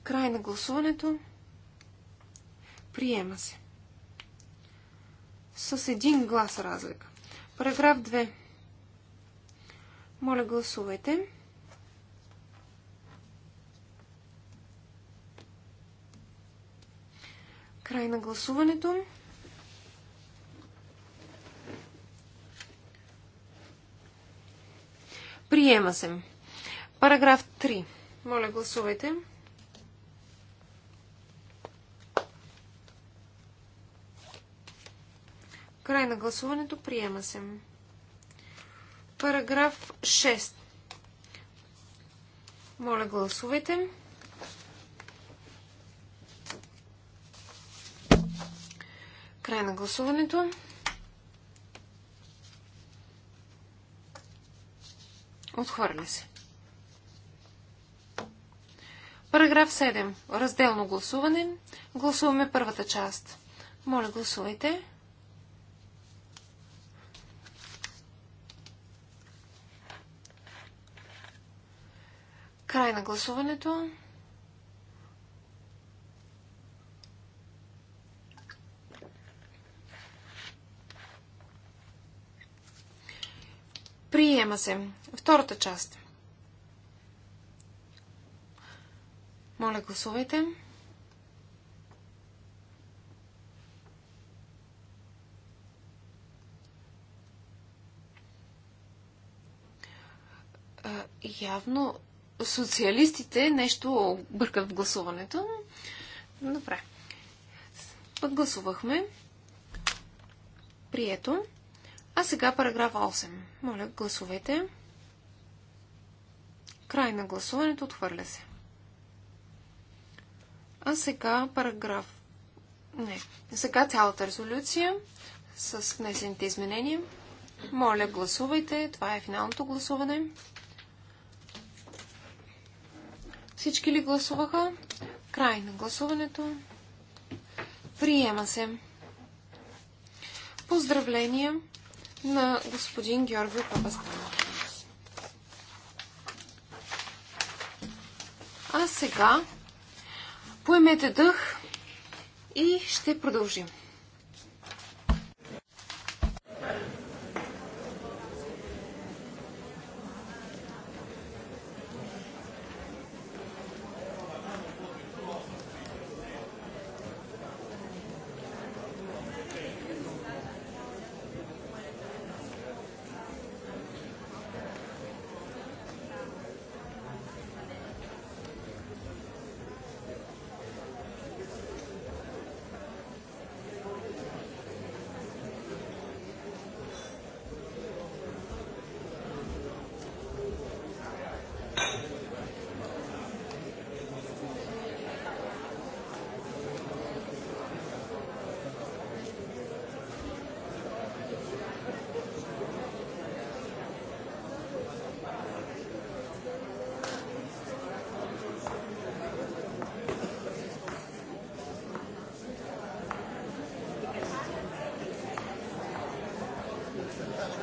Край на гласуването. Приема се. С един глас разлика. Параграф 2. Моля, гласувайте. Край на гласуването. Приема се. Параграф 3. Моля, гласувайте. Край на гласуването. Приема се. Параграф 6. Моля, гласувайте. Край на гласуването. Отхвърля се. Параграф 7. Разделно гласуване. Гласуваме първата част. Моля, гласувайте. Край на гласуването. Приема се. Втората част. Моля, гласувайте. Е, явно социалистите нещо бъркат в гласуването. Добре. Подгласувахме. гласувахме. Прието. А сега параграф 8. Моля, гласувайте. Край на гласуването. Отхвърля се. А сега параграф... Не. Сега цялата резолюция с внесените изменения. Моля, гласувайте. Това е финалното гласуване. Всички ли гласуваха? Край на гласуването. Приема се. Поздравление на господин Георги Папастан. А сега поемете дъх и ще продължим.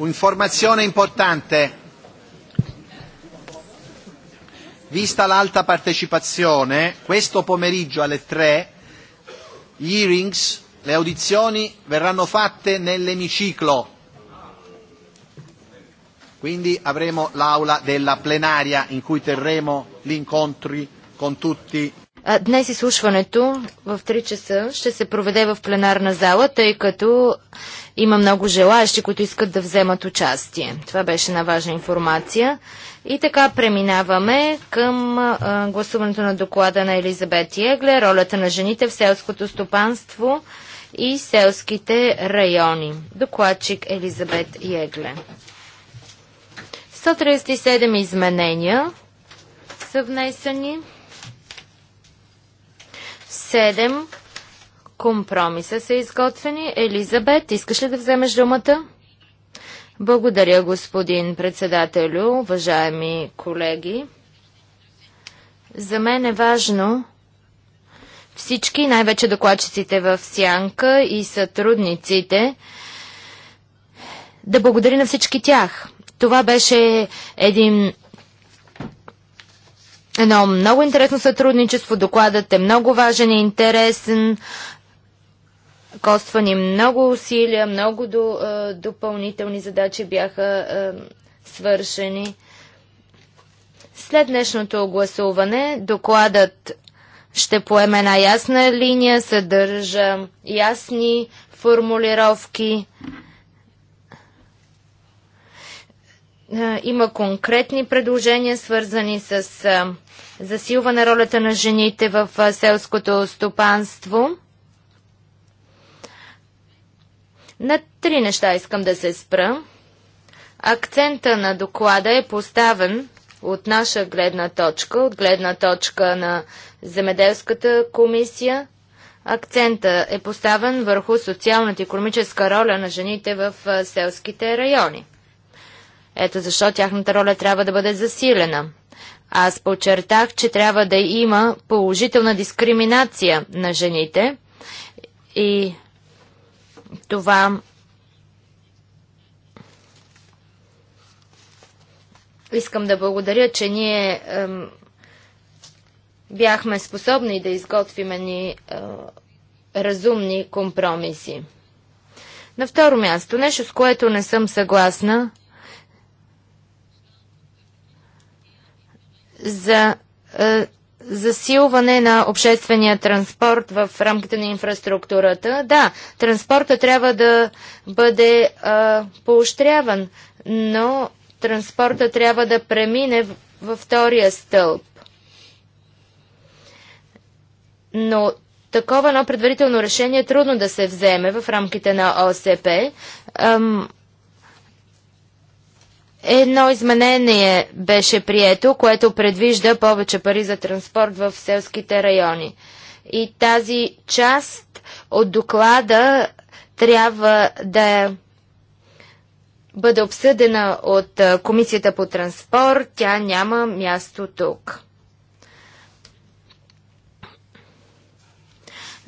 Un'informazione importante. Vista l'alta partecipazione, questo pomeriggio alle 3 gli hearings, le audizioni verranno fatte nell'emiciclo. Quindi avremo l'aula della plenaria in cui terremo gli incontri con tutti. Днес изслушването в 3 часа ще се проведе в пленарна зала, тъй като има много желаящи, които искат да вземат участие. Това беше една важна информация. И така преминаваме към а, гласуването на доклада на Елизабет Егле, ролята на жените в селското стопанство и селските райони. Докладчик Елизабет Егле. 137 изменения са внесени. 7 компромиса са изготвени. Елизабет, искаш ли да вземеш думата? Благодаря, господин председателю, уважаеми колеги. За мен е важно всички, най-вече докладчиците в Сянка и сътрудниците, да благодаря на всички тях. Това беше един едно много интересно сътрудничество. Докладът е много важен и интересен. Коства ни много усилия, много до, а, допълнителни задачи бяха а, свършени. След днешното гласуване докладът ще поеме една ясна линия, съдържа ясни формулировки. Има конкретни предложения, свързани с засилване ролята на жените в селското стопанство. На три неща искам да се спра. Акцента на доклада е поставен от наша гледна точка, от гледна точка на Земеделската комисия. Акцента е поставен върху социалната и економическа роля на жените в селските райони. Ето защо тяхната роля трябва да бъде засилена. Аз подчертах, че трябва да има положителна дискриминация на жените и това искам да благодаря, че ние ем, бяхме способни да изготвиме ни е, разумни компромиси. На второ място, нещо с което не съм съгласна, за е, засилване на обществения транспорт в рамките на инфраструктурата. Да, транспорта трябва да бъде а, поощряван, но транспорта трябва да премине във втория стълб. Но такова едно предварително решение е трудно да се вземе в рамките на ОСП. Ам, Едно изменение беше прието, което предвижда повече пари за транспорт в селските райони. И тази част от доклада трябва да бъде обсъдена от Комисията по транспорт. Тя няма място тук.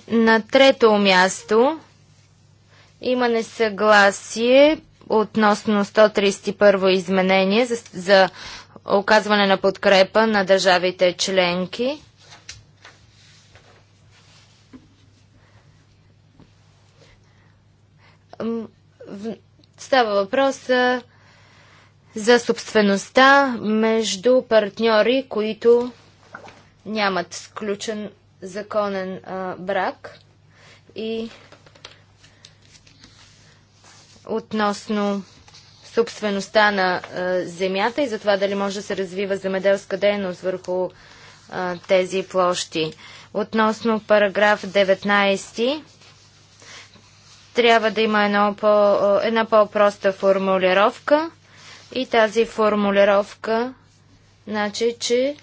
На трето място има несъгласие относно 131 изменение за, за оказване на подкрепа на държавите членки. Става въпрос за собствеността между партньори, които нямат сключен законен а, брак и относно собствеността на а, земята и за това дали може да се развива земеделска дейност върху а, тези площи. Относно параграф 19, трябва да има едно по, една по-проста формулировка и тази формулировка значи, че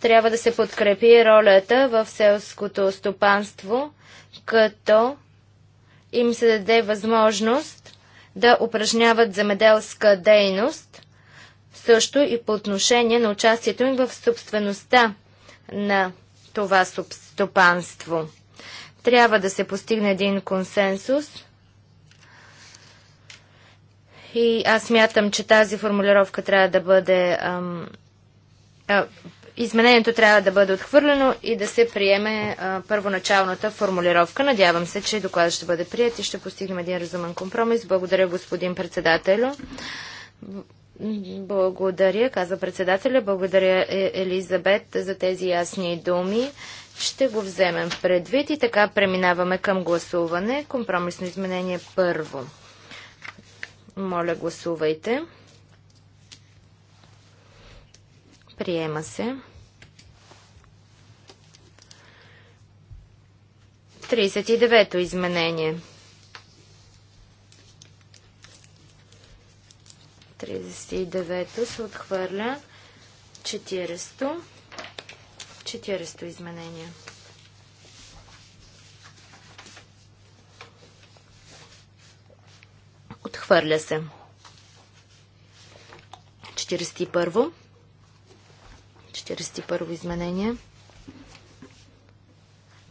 трябва да се подкрепи ролята в селското стопанство, като им се даде възможност да упражняват замеделска дейност, също и по отношение на участието им в собствеността на това стопанство. Трябва да се постигне един консенсус и аз мятам, че тази формулировка трябва да бъде ам, а, изменението трябва да бъде отхвърлено и да се приеме а, първоначалната формулировка. Надявам се, че докладът ще бъде прият и ще постигнем един разумен компромис. Благодаря, господин председателю. Благодаря, каза председателя. Благодаря, е, Елизабет, за тези ясни думи. Ще го вземем в предвид и така преминаваме към гласуване. Компромисно изменение първо. Моля, гласувайте. Приема се. 39-то изменение. 39-то се отхвърля. 40-то. 40-то изменение. Отхвърля се. 41 то 41 изменение.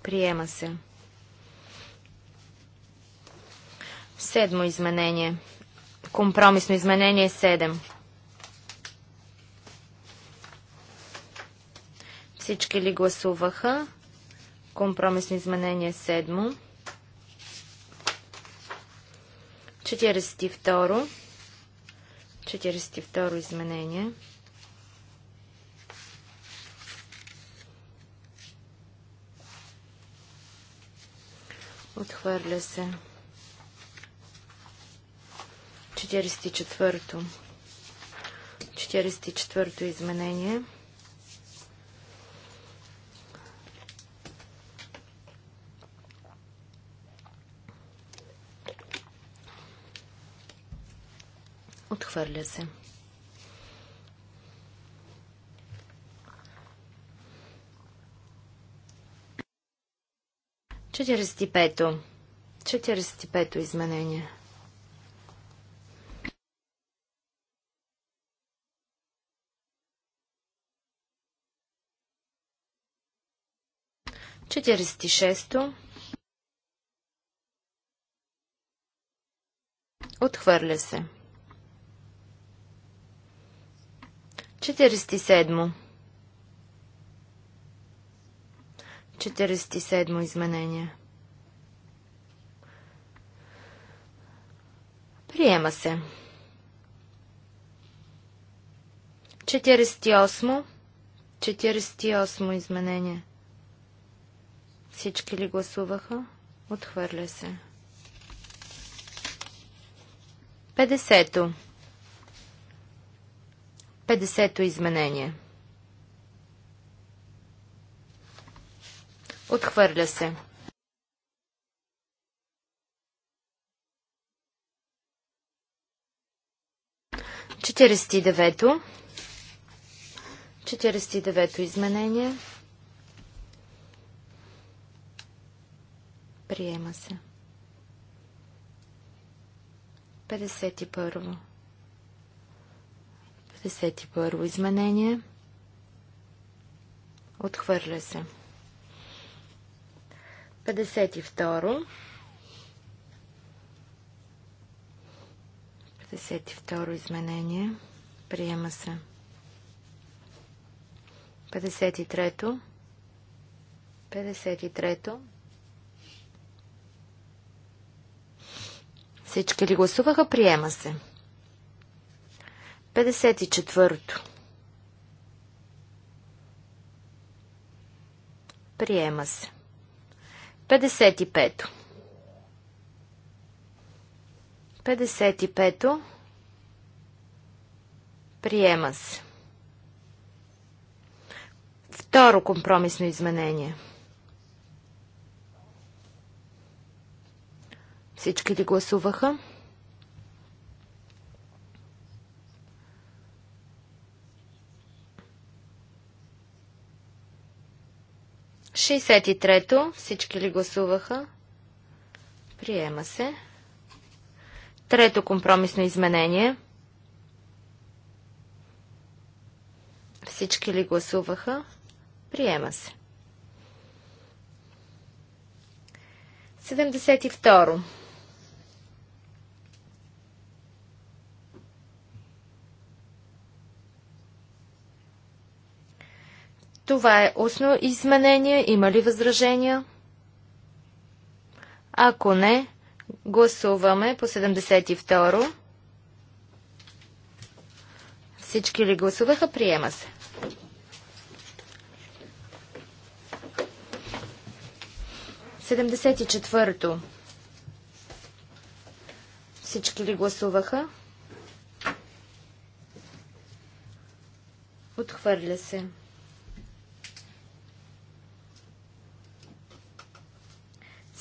Приема се. Седмо изменение. Компромисно изменение 7. Всички ли гласуваха? Компромисно изменение 7. 42. 42 изменение. Отхвърля се. 44-то. 44-то изменение. Отхвърля се. 45-то. 45-то изменение. Четиридесет и шесто. Отхвърля се. Четиридесет и седмо. 47 изменение. Приема се. 48. 48 изменение. Всички ли гласуваха? Отхвърля се. 50-то. 50-то изменение. Отхвърля се. Четиридесет и девето. Четиридесет и девето изменение. Приема се. първо. 51. първо изменение. Отхвърля се. 52. 52 изменение. Приема се. 53. 53. Всички ли гласуваха? Приема се. 54. то Приема се. 55. 55. Приема се. Второ компромисно изменение. Всички ли гласуваха? 63-то. Всички ли гласуваха? Приема се. Трето компромисно изменение. Всички ли гласуваха? Приема се. 72. Това е устно изменение. Има ли възражения? Ако не, гласуваме по 72. Всички ли гласуваха? Приема се. Седемдесет и четвърто. Всички ли гласуваха? Отхвърля се.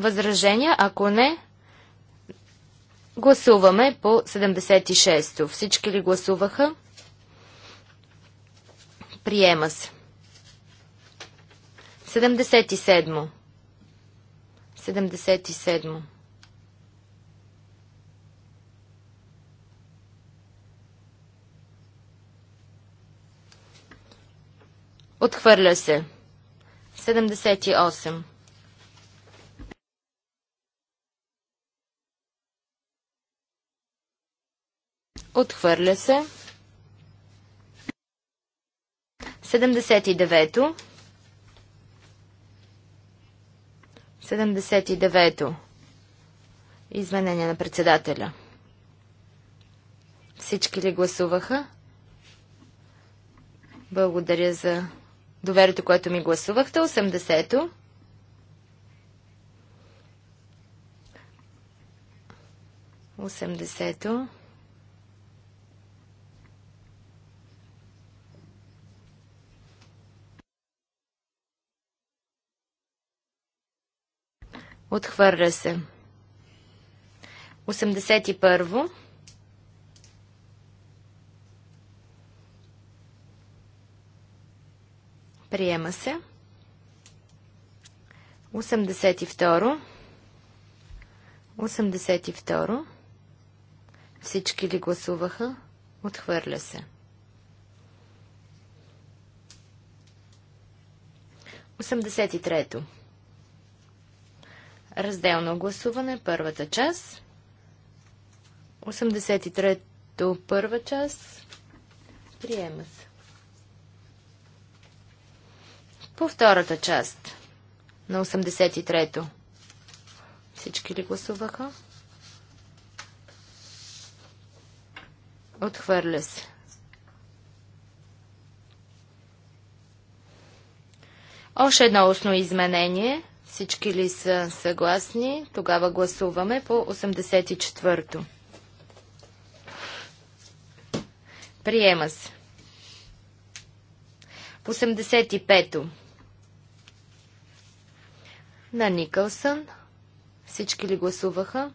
Възражения? Ако не, гласуваме по 76-то. Всички ли гласуваха? Приема се. 77. 77. Отхвърля се. 78. Отхвърля се. 79-то. 79-то. Изменение на председателя. Всички ли гласуваха? Благодаря за доверието, което ми гласувахте. 80-то. Осемдесето. 80 Отхвърля се. 81. Приема се. 82. 82. Всички ли гласуваха? Отхвърля се. 83. Разделно гласуване, първата част. 83-то първа част. Приема се. По втората част на 83-то. Всички ли гласуваха? Отхвърля се. Още едно устно изменение всички ли са съгласни? Тогава гласуваме по 84-то. Приема се. 85-то. На Никълсън. Всички ли гласуваха?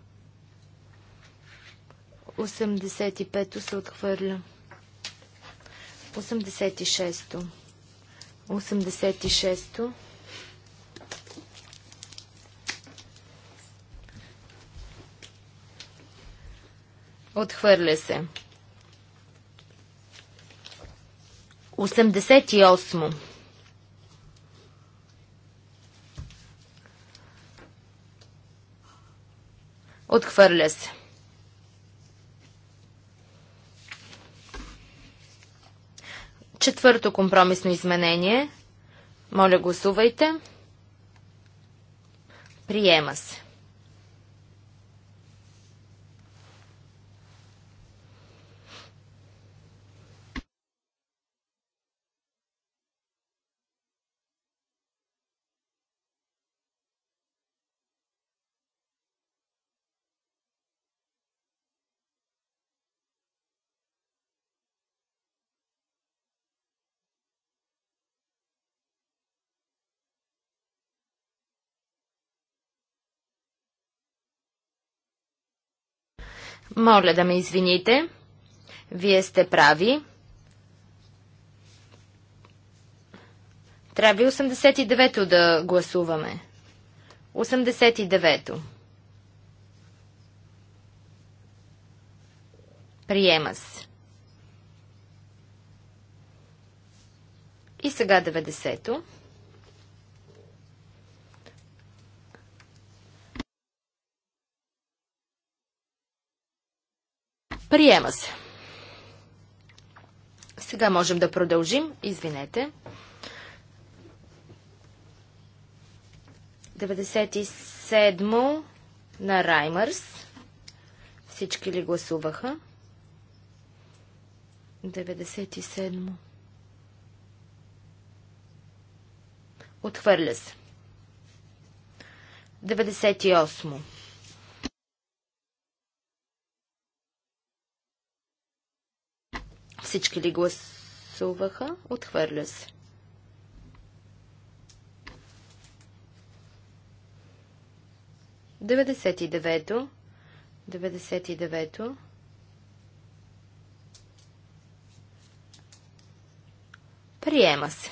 85-то се отхвърля. 86-то. 86-то. Отхвърля се. 88. Отхвърля се. Четвърто компромисно изменение. Моля, гласувайте. Приема се. Моля да ме извините. Вие сте прави. Трябва 89-то да гласуваме. 89-то. Приема се. И сега 90-то. Приема се. Сега можем да продължим. Извинете. 97 на Раймърс. Всички ли гласуваха? 97. Отхвърля се. 98. Всички ли гласуваха? Отхвърля се. Деветдесет и девето. Деветдесет и девето. Приема се.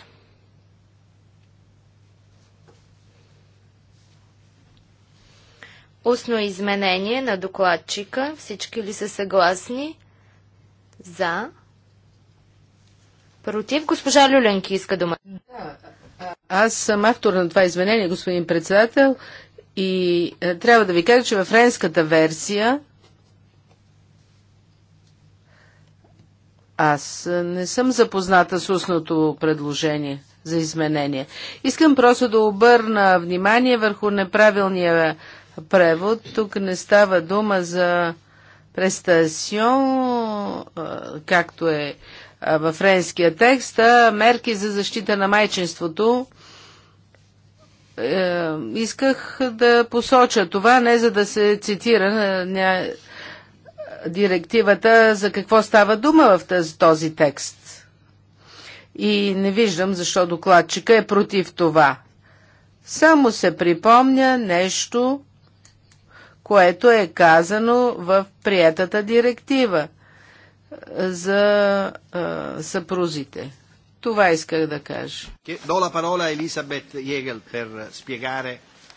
Устно изменение на докладчика. Всички ли са съгласни? За. Против госпожа Люленки иска дума. Да, аз съм автор на това изменение, господин председател, и е, трябва да ви кажа, че във френската версия аз е, не съм запозната с устното предложение за изменение. Искам просто да обърна внимание върху неправилния превод. Тук не става дума за престасион, е, както е във френския текст, мерки за защита на майчинството. Е, исках да посоча това, не за да се цитира на директивата за какво става дума в този текст. И не виждам защо докладчика е против това. Само се припомня нещо, което е казано в приятата директива – за а, съпрузите. Това исках да кажа.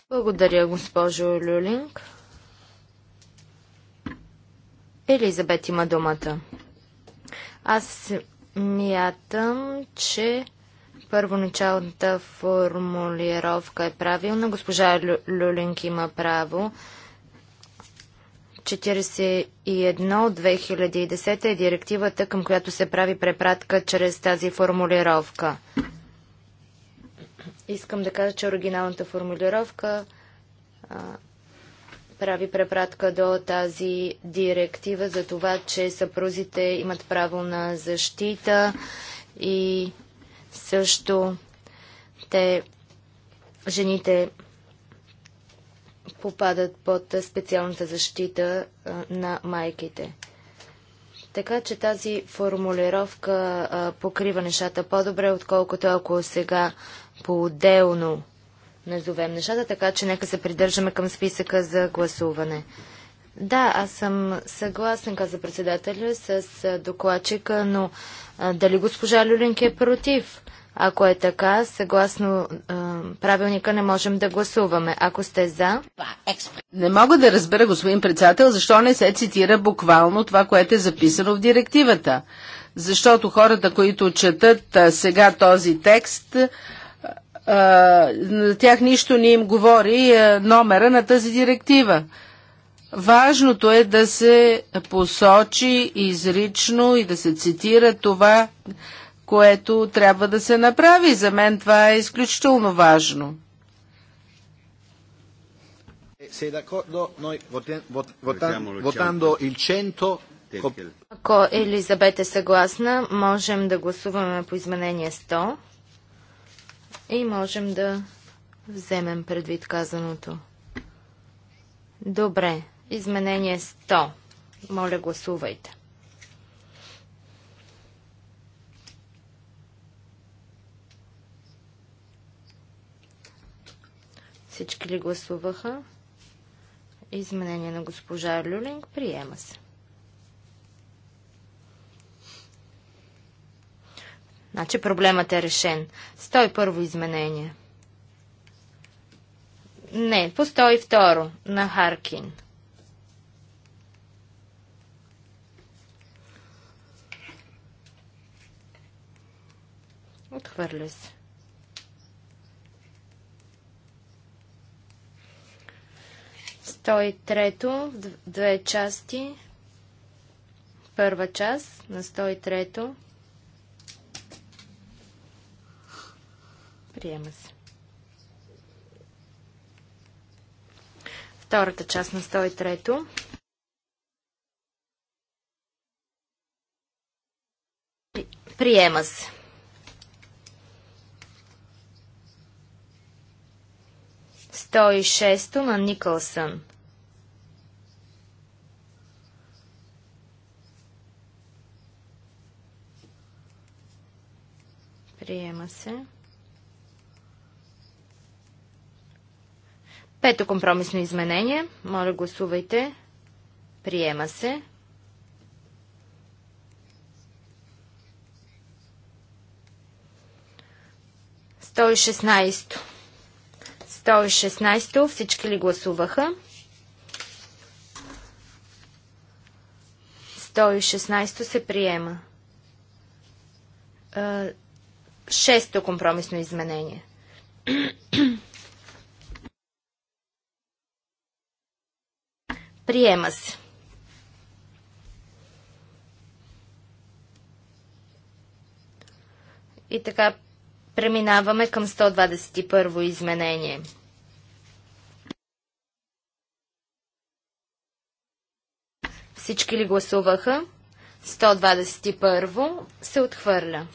Благодаря, госпожо Люлинг. Елизабет има думата. Аз мятам, че първоначалната формулировка е правилна. Госпожа Люлинг има право. 41 от 2010 е директивата, към която се прави препратка чрез тази формулировка. Искам да кажа, че оригиналната формулировка а, прави препратка до тази директива за това, че съпрузите имат право на защита и също те жените попадат под специалната защита на майките. Така че тази формулировка покрива нещата по-добре, отколкото ако сега по-отделно назовем нещата, така че нека се придържаме към списъка за гласуване. Да, аз съм съгласен, каза председателя, с докладчика, но а, дали госпожа Люлинки е против? Ако е така, съгласно е, правилника не можем да гласуваме. Ако сте за... Не мога да разбера, господин председател, защо не се цитира буквално това, което е записано в директивата. Защото хората, които четат а, сега този текст, на тях нищо не им говори а, номера на тази директива. Важното е да се посочи изрично и да се цитира това, което трябва да се направи. За мен това е изключително важно. Ако Елизабет е съгласна, можем да гласуваме по изменение 100 и можем да вземем предвид казаното. Добре, изменение 100. Моля, гласувайте. Всички ли гласуваха? Изменение на госпожа Люлинг приема се. Значи проблемът е решен. 101 изменение. Не, по 102 на Харкин. Отхвърля се. 103 в две части. Първа част на 103 Приема се. Втората част на 103 Приема се. Сто шесто на Никълсън. Приема се. Пето компромисно изменение. Моля, гласувайте. Приема се. Сто и шестнайсто. всички ли гласуваха? 116 се приема. Шесто компромисно изменение. Приема се. И така преминаваме към 121 во изменение. Всички ли гласуваха? 121 во се отхвърля.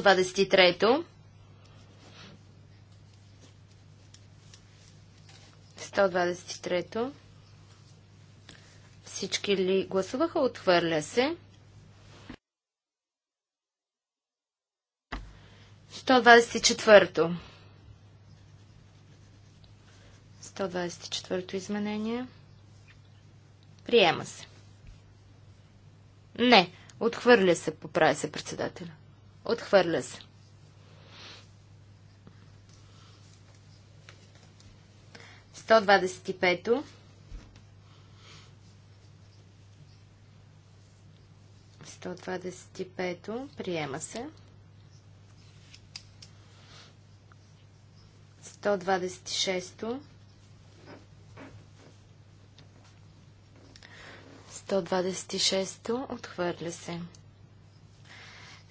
123-то. 123-то. Всички ли гласуваха? Отхвърля се. 124-то. 124-то изменение. Приема се. Не, отхвърля се, поправя се председателя. Отхвърля се. Сто двадесет и пето. Сто двадесет и пето. Приема се. 126 шесто. отхвърля се.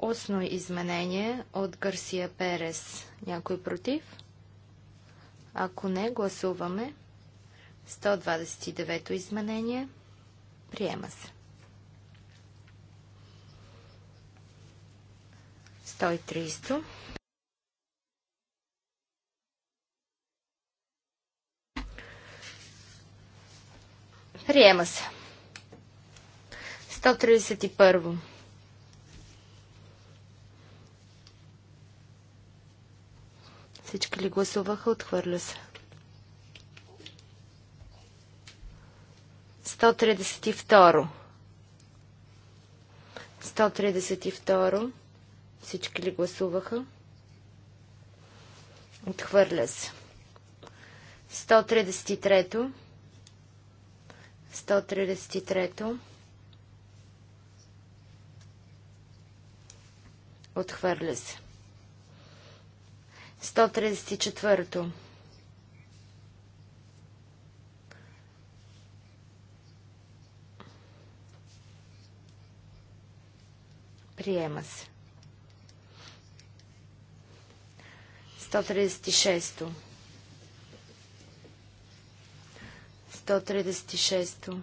Устно изменение от Гарсия Перес. Някой против? Ако не, гласуваме. 129-то изменение. Приема се. 130 Приема се. 131 Всички ли гласуваха? Отхвърля се. 132. 132. Всички ли гласуваха? Отхвърля се. 133. 133. Отхвърля се. 134. Приема се. 136. 136.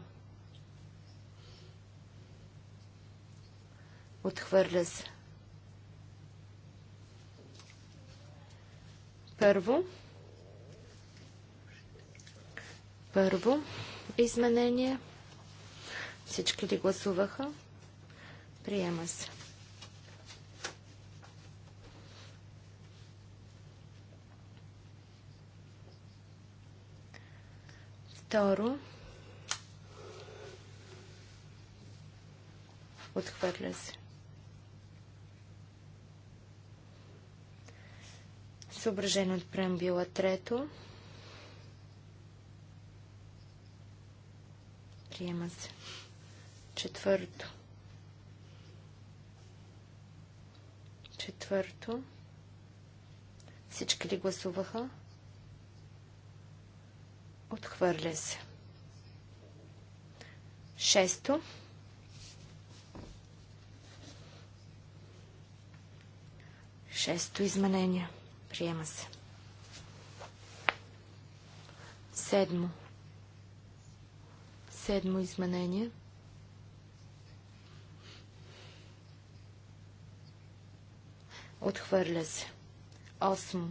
Отхвърля се. Първо. Първо. Изменение. Всички ли гласуваха? Приема се. Второ. Отхвърля се. съображение от преамбила трето. Приема се. Четвърто. Четвърто. Всички ли гласуваха? Отхвърля се. Шесто. Шесто изменение. Приема се. Седмо. Седмо изменение. Отхвърля се. Осмо.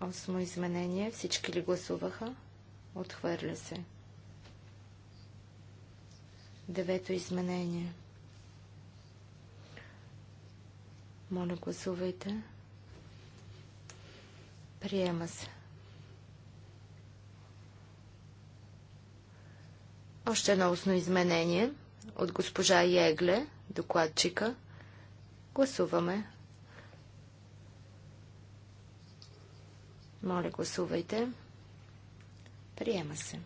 Осмо изменение. Всички ли гласуваха? Отхвърля се. Девето изменение. Моля, гласувайте. Приема се. Още едно устно изменение от госпожа Егле, докладчика. Гласуваме. Моля, гласувайте. Приема се.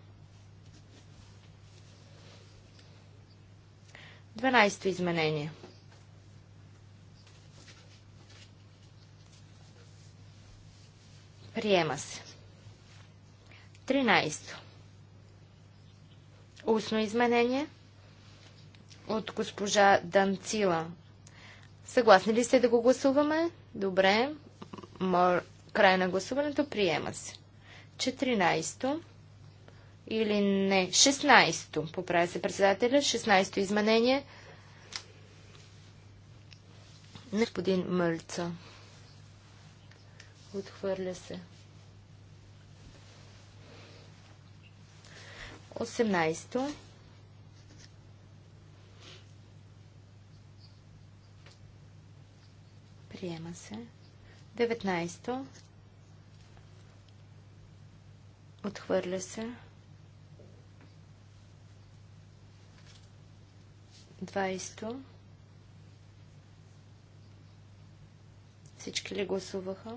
12 изменение. Приема се. 13. Устно изменение от госпожа Данцила. Съгласни ли сте да го гласуваме? Добре. Мор... Край на гласуването. Приема се. 14 или не, 16-то, поправя се председателя, 16-то изменение. Господин Мълца. Отхвърля се. 18. Приема се. 19. Отхвърля се. 20. Всички ли гласуваха?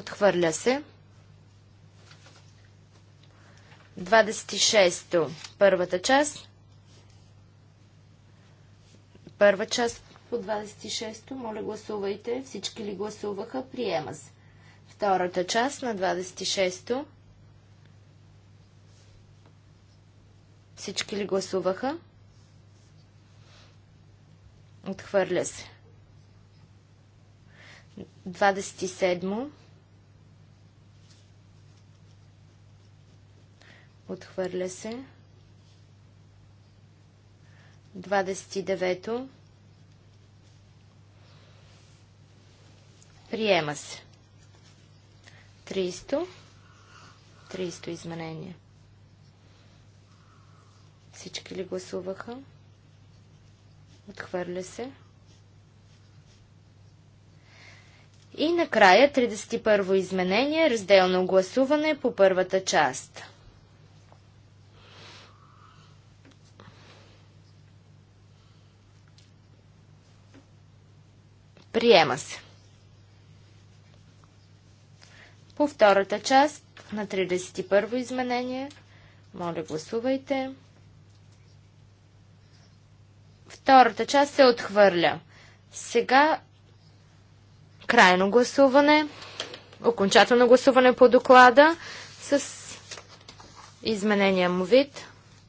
Отхвърля се. 26-то. Първата част. Първа част по 26-то. Моля гласувайте. Всички ли гласуваха? Приема се. Втората част на 26-то. Всички ли гласуваха? Отхвърля се. 27. Отхвърля се. 29-то. Приема се. 300. 300 изменения. Всички ли гласуваха? Отхвърля се. И накрая 31 во изменение, разделно гласуване по първата част. Приема се. По втората част на 31-во изменение, моля гласувайте. Втората част се отхвърля. Сега крайно гласуване, окончателно гласуване по доклада с изменения му вид.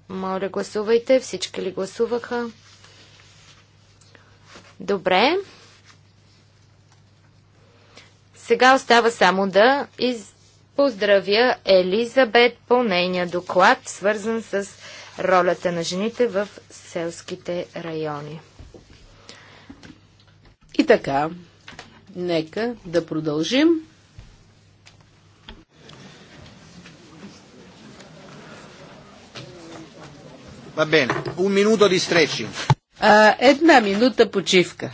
Моля, гласувайте. Всички ли гласуваха? Добре. Сега остава само да из... поздравя Елизабет по нейния доклад, свързан с ролята на жените в селските райони. И така, нека да продължим. Va bene, un minuto di stretching. една минута почивка.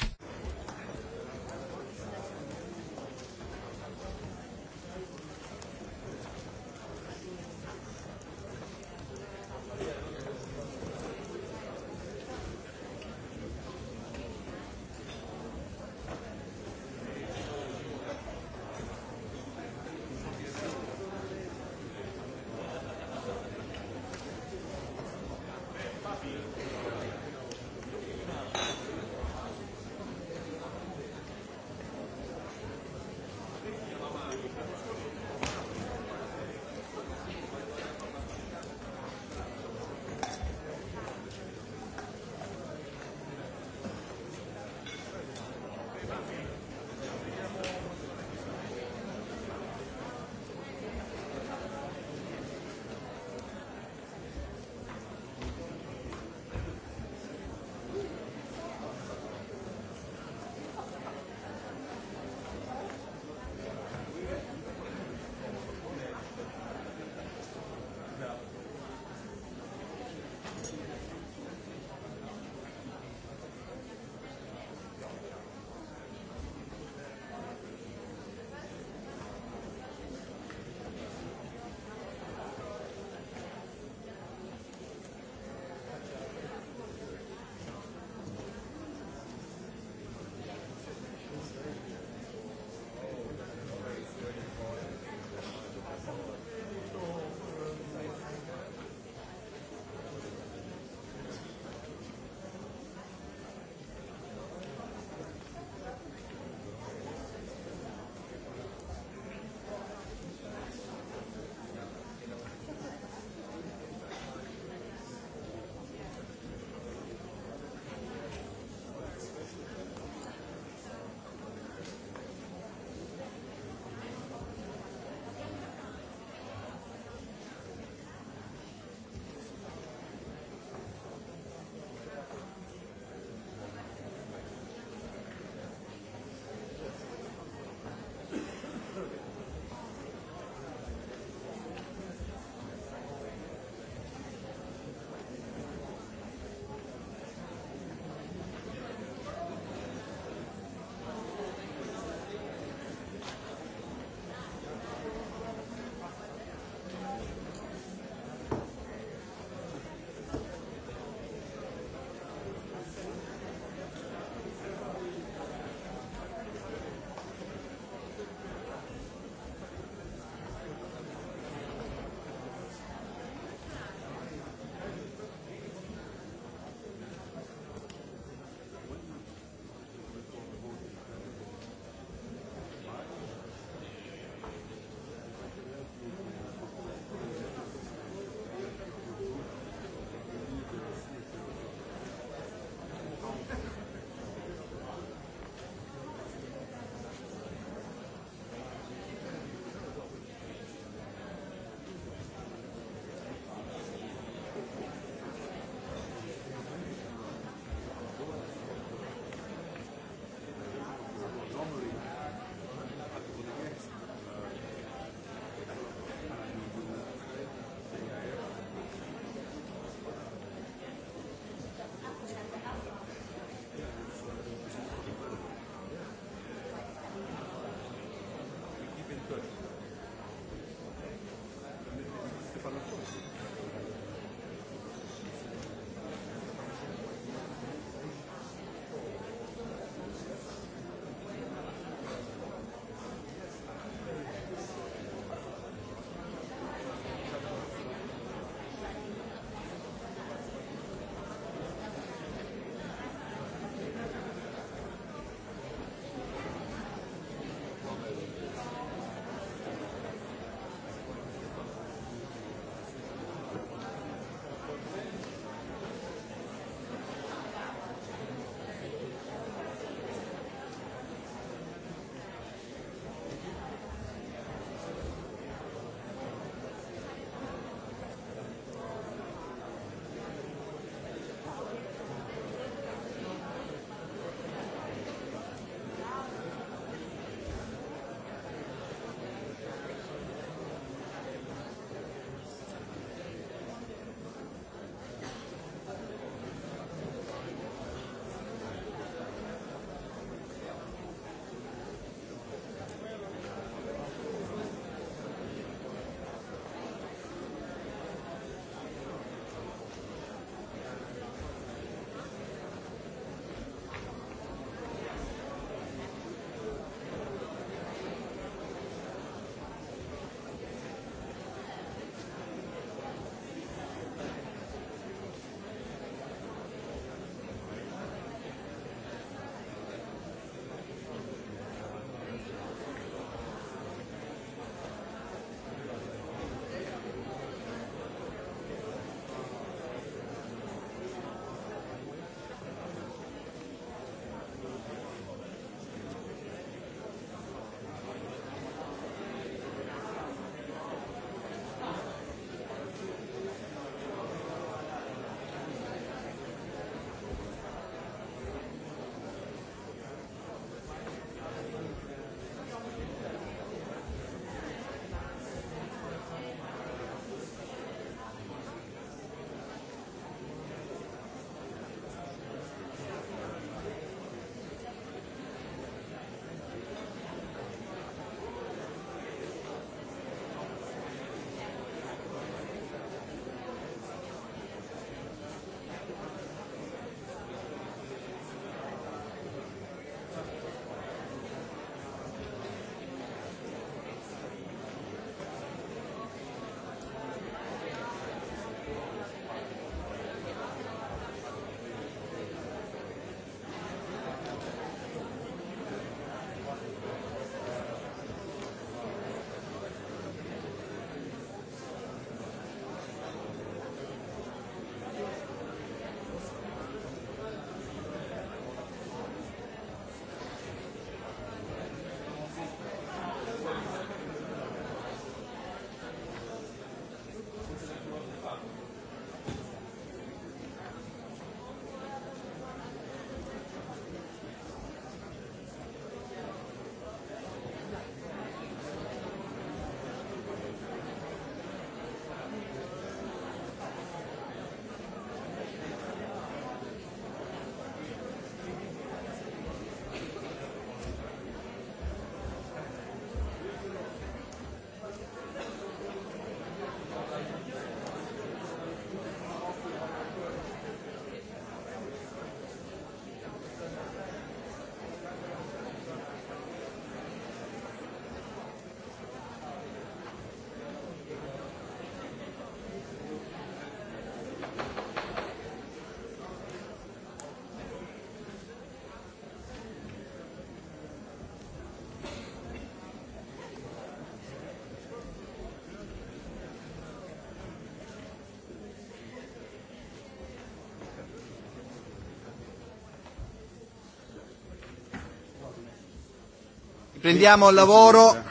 Prendiamo il lavoro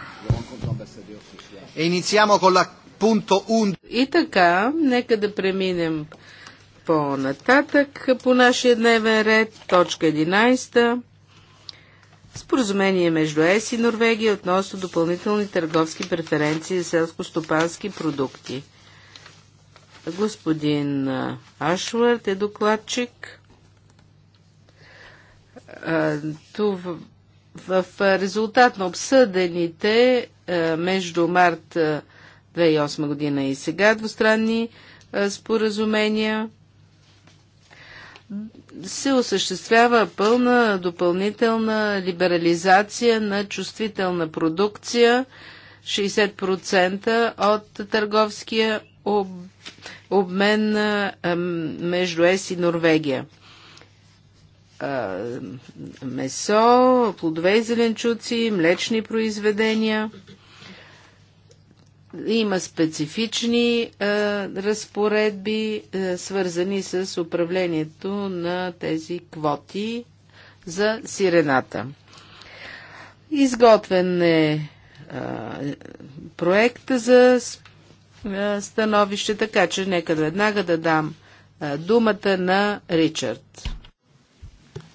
e iniziamo con la punto 1. И така, нека да преминем по-нататък по нашия дневен ред, точка 11. Споразумение между ЕС и Норвегия относно допълнителни търговски преференции за селско-стопански продукти. Господин Ашвард е докладчик. Това в резултат на обсъдените между март 2008 година и сега двустранни споразумения се осъществява пълна допълнителна либерализация на чувствителна продукция 60% от търговския об... обмен между ЕС и Норвегия а, месо, плодове и зеленчуци, млечни произведения. Има специфични а, разпоредби, а, свързани с управлението на тези квоти за сирената. Изготвен е а, за а, становище, така че нека веднага да дам а, думата на Ричард.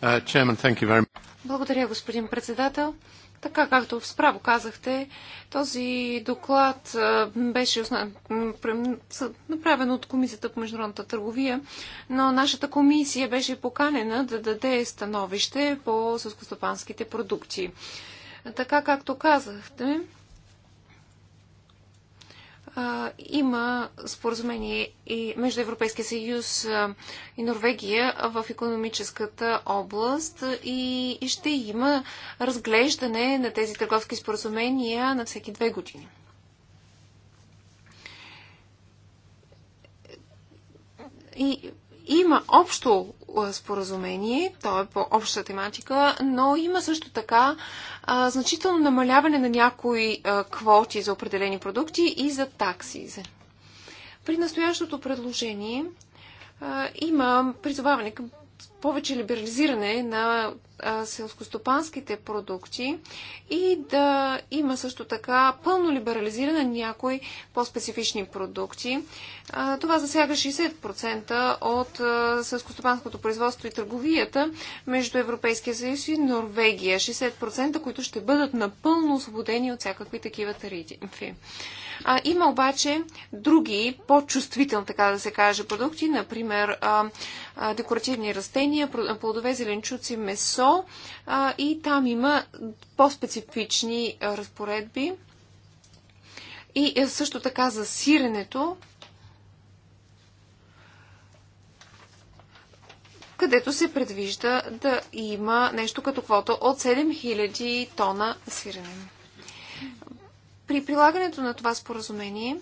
Uh, Благодаря, господин председател. Така както справо казахте, този доклад беше направен от Комисията по международната търговия, но нашата комисия беше поканена да даде становище по сълскостопанските продукти. Така както казахте, има споразумение и между Европейския съюз и Норвегия в економическата област и ще има разглеждане на тези търговски споразумения на всеки две години. И има общо е, споразумение. То е по обща тематика, но има също така а, значително намаляване на някои а, квоти за определени продукти и за такси. При настоящото предложение а, има призоваване към повече либерализиране на селскостопанските продукти и да има също така пълно либерализиране на някои по-специфични продукти. Това засяга 60% от селскостопанското производство и търговията между Европейския съюз и Норвегия. 60% които ще бъдат напълно освободени от всякакви такива тарифи. А, има обаче други по-чувствителни, така да се каже, продукти, например а, а, декоративни растения, плодове, зеленчуци, месо а, и там има по-специфични разпоредби. И е, също така за сиренето, където се предвижда да има нещо като квота от 7000 тона сирене. При прилагането на това споразумение,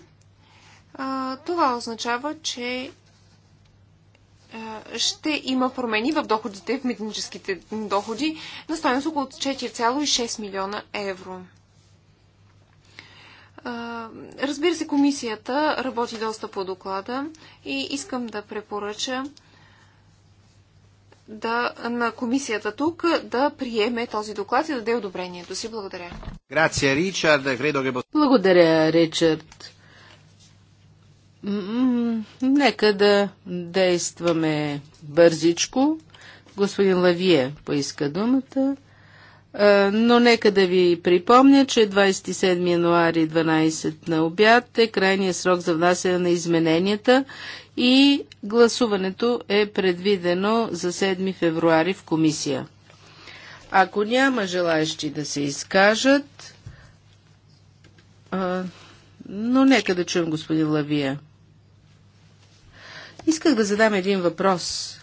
това означава, че ще има промени в доходите, в митническите доходи, на стоеност около 4,6 милиона евро. Разбира се, комисията работи доста по доклада и искам да препоръча да, на комисията тук да приеме този доклад и да даде одобрението си. Благодаря. Грация, Ричард. Благодаря, Ричард. Нека да действаме бързичко. Господин Лавие поиска думата. Но нека да ви припомня, че 27 януари 12 на обяд е крайният срок за внасяне на измененията и гласуването е предвидено за 7 февруари в комисия. Ако няма желаящи да се изкажат, а, но нека да чуем господин Лавия. Исках да задам един въпрос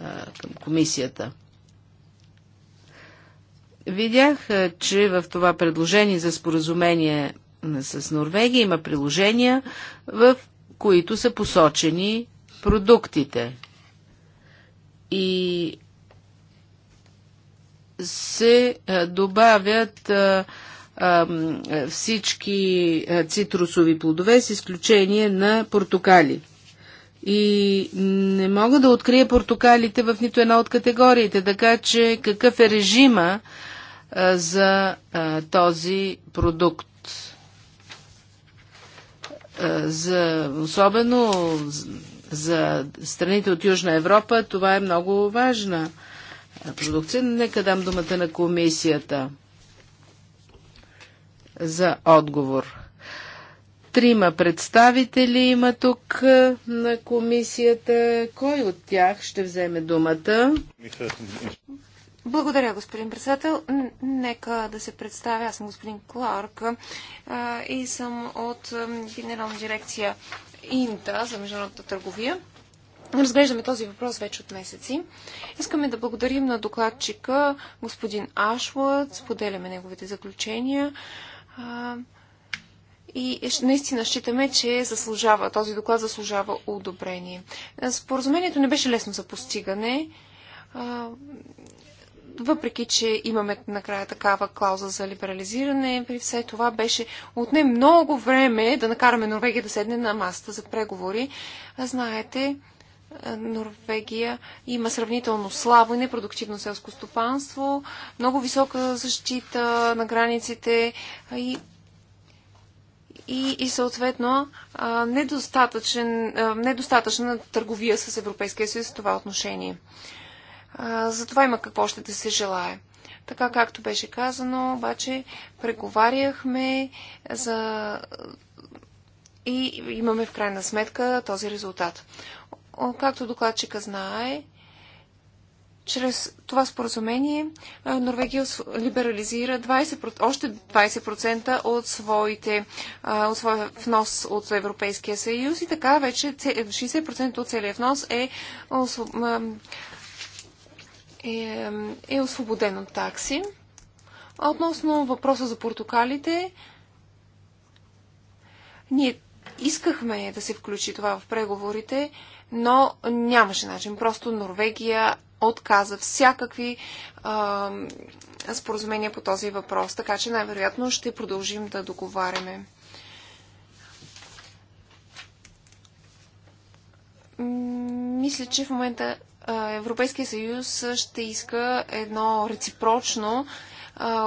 а, към комисията. Видях, а, че в това предложение за споразумение с Норвегия има приложения, в които са посочени продуктите. И се добавят всички цитрусови плодове с изключение на портокали. И не мога да открия портокалите в нито една от категориите, така че какъв е режима за този продукт. Е, за, особено за страните от Южна Европа това е много важна е, продукция. Нека дам думата на комисията за отговор. Трима представители има тук е, на комисията. Кой от тях ще вземе думата? Благодаря, господин председател. Нека да се представя. Аз съм господин Кларк а, и съм от Генерална дирекция Инта за международната търговия. Разглеждаме този въпрос вече от месеци. Искаме да благодарим на докладчика господин Ашвард, споделяме неговите заключения. А, и наистина считаме, че заслужава, този доклад заслужава одобрение. Споразумението не беше лесно за постигане въпреки че имаме накрая такава клауза за либерализиране, при все това беше отне много време да накараме Норвегия да седне на масата за преговори. А знаете, Норвегия има сравнително слабо и непродуктивно селско стопанство, много висока защита на границите и и, и съответно а, недостатъчен, а, недостатъчна търговия с Европейския съюз в това отношение. За това има какво ще да се желая. Така както беше казано, обаче преговаряхме за... и имаме в крайна сметка този резултат. Както докладчика знае, чрез това споразумение Норвегия либерализира 20%, още 20% от, своите, от своя внос от Европейския съюз и така вече 60% от целия внос е е, е освободен от такси. относно въпроса за портокалите, ние искахме да се включи това в преговорите, но нямаше начин. Просто Норвегия отказа всякакви а, споразумения по този въпрос, така че най-вероятно ще продължим да договаряме. Мисля, че в момента Европейския съюз ще иска едно реципрочно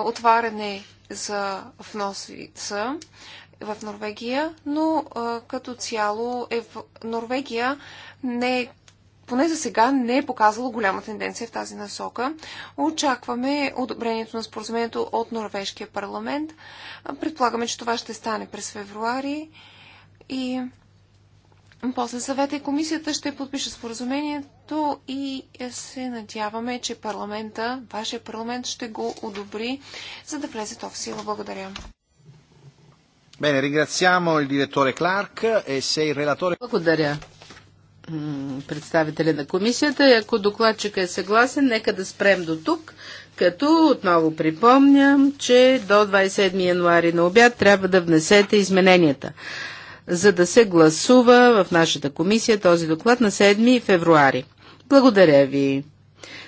отваряне за вносица в Норвегия, но като цяло е в Норвегия не е поне за сега не е показала голяма тенденция в тази насока. Очакваме одобрението на споразумението от Норвежкия парламент. Предполагаме, че това ще стане през февруари и после съвета и комисията ще подпише споразумението и се надяваме, че парламента, вашия парламент ще го одобри, за да влезе то в сила. Благодаря. Bene, ringraziamo il direttore Clark e se il relatore... Благодаря представителя на комисията и ако докладчика е съгласен, нека да спрем до тук, като отново припомням, че до 27 януари на обяд трябва да внесете измененията за да се гласува в нашата комисия този доклад на 7 февруари. Благодаря ви.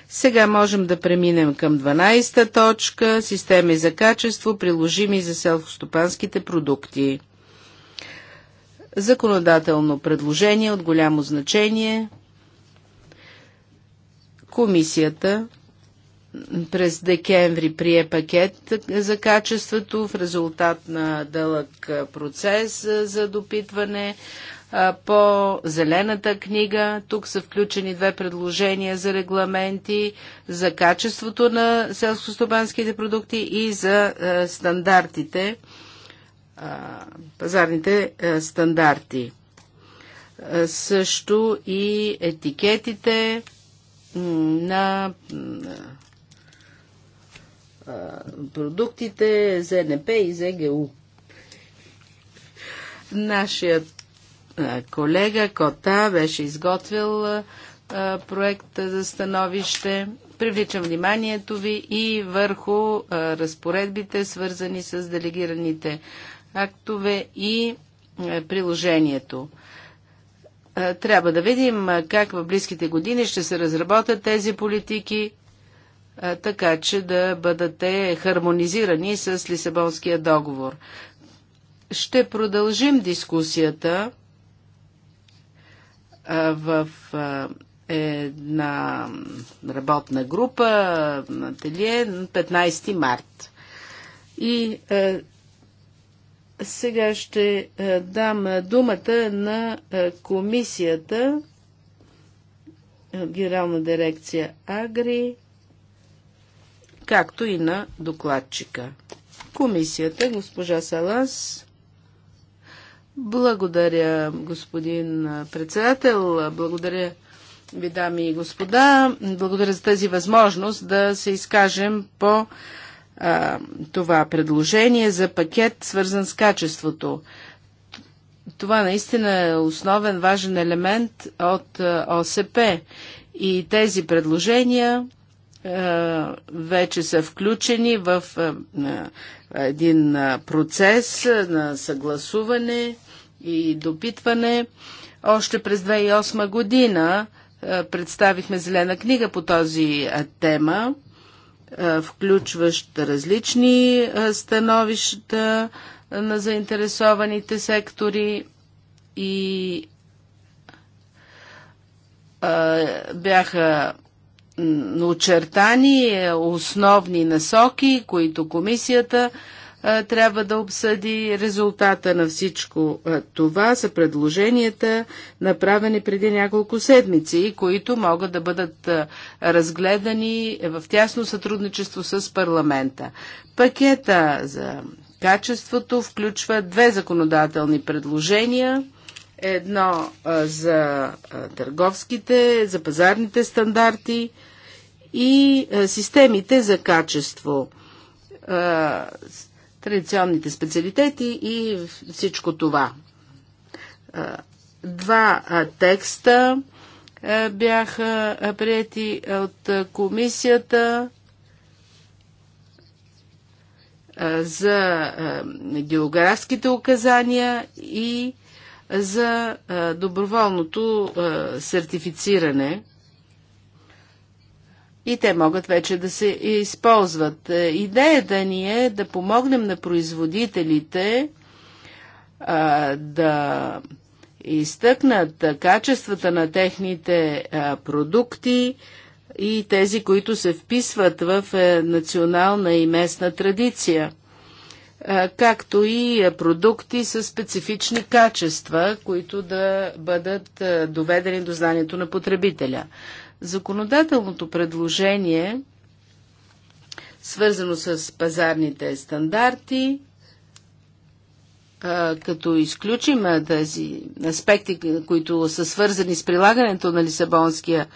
Сега можем да преминем към 12-та точка – системи за качество, приложими за селхостопанските продукти. Законодателно предложение от голямо значение. Комисията през декември прие пакет за качеството в резултат на дълъг процес за допитване по зелената книга. Тук са включени две предложения за регламенти за качеството на селско селско-стопанските продукти и за стандартите, пазарните стандарти. Също и етикетите на продуктите ЗНП и ЗГУ. Нашият колега Кота беше изготвил проект за становище. Привличам вниманието ви и върху разпоредбите, свързани с делегираните актове и приложението. Трябва да видим как в близките години ще се разработят тези политики, така че да бъдете хармонизирани с Лисабонския договор. Ще продължим дискусията в една работна група на Телие на 15 март. И сега ще дам думата на комисията, Генерална дирекция Агри, както и на докладчика. Комисията, госпожа Салас. Благодаря, господин председател. Благодаря ви, дами и господа. Благодаря за тази възможност да се изкажем по а, това предложение за пакет, свързан с качеството. Това наистина е основен важен елемент от ОСП. И тези предложения е, вече са включени в е, един е, процес на съгласуване и допитване. Още през 2008 година представихме зелена книга по този тема, включващ различни становища на заинтересованите сектори и бяха очертани е, основни насоки, които комисията е, трябва да обсъди. Резултата на всичко е, това са предложенията, направени преди няколко седмици, които могат да бъдат разгледани в тясно сътрудничество с парламента. Пакета за качеството включва две законодателни предложения – едно за търговските, за пазарните стандарти и системите за качество, традиционните специалитети и всичко това. Два текста бяха прияти от комисията за географските указания и за доброволното сертифициране и те могат вече да се използват. Идеята ни е да помогнем на производителите да изтъкнат качествата на техните продукти и тези, които се вписват в е, национална и местна традиция както и продукти с специфични качества, които да бъдат доведени до знанието на потребителя. Законодателното предложение, свързано с пазарните стандарти, като изключим тези аспекти, които са свързани с прилагането на Лисабонския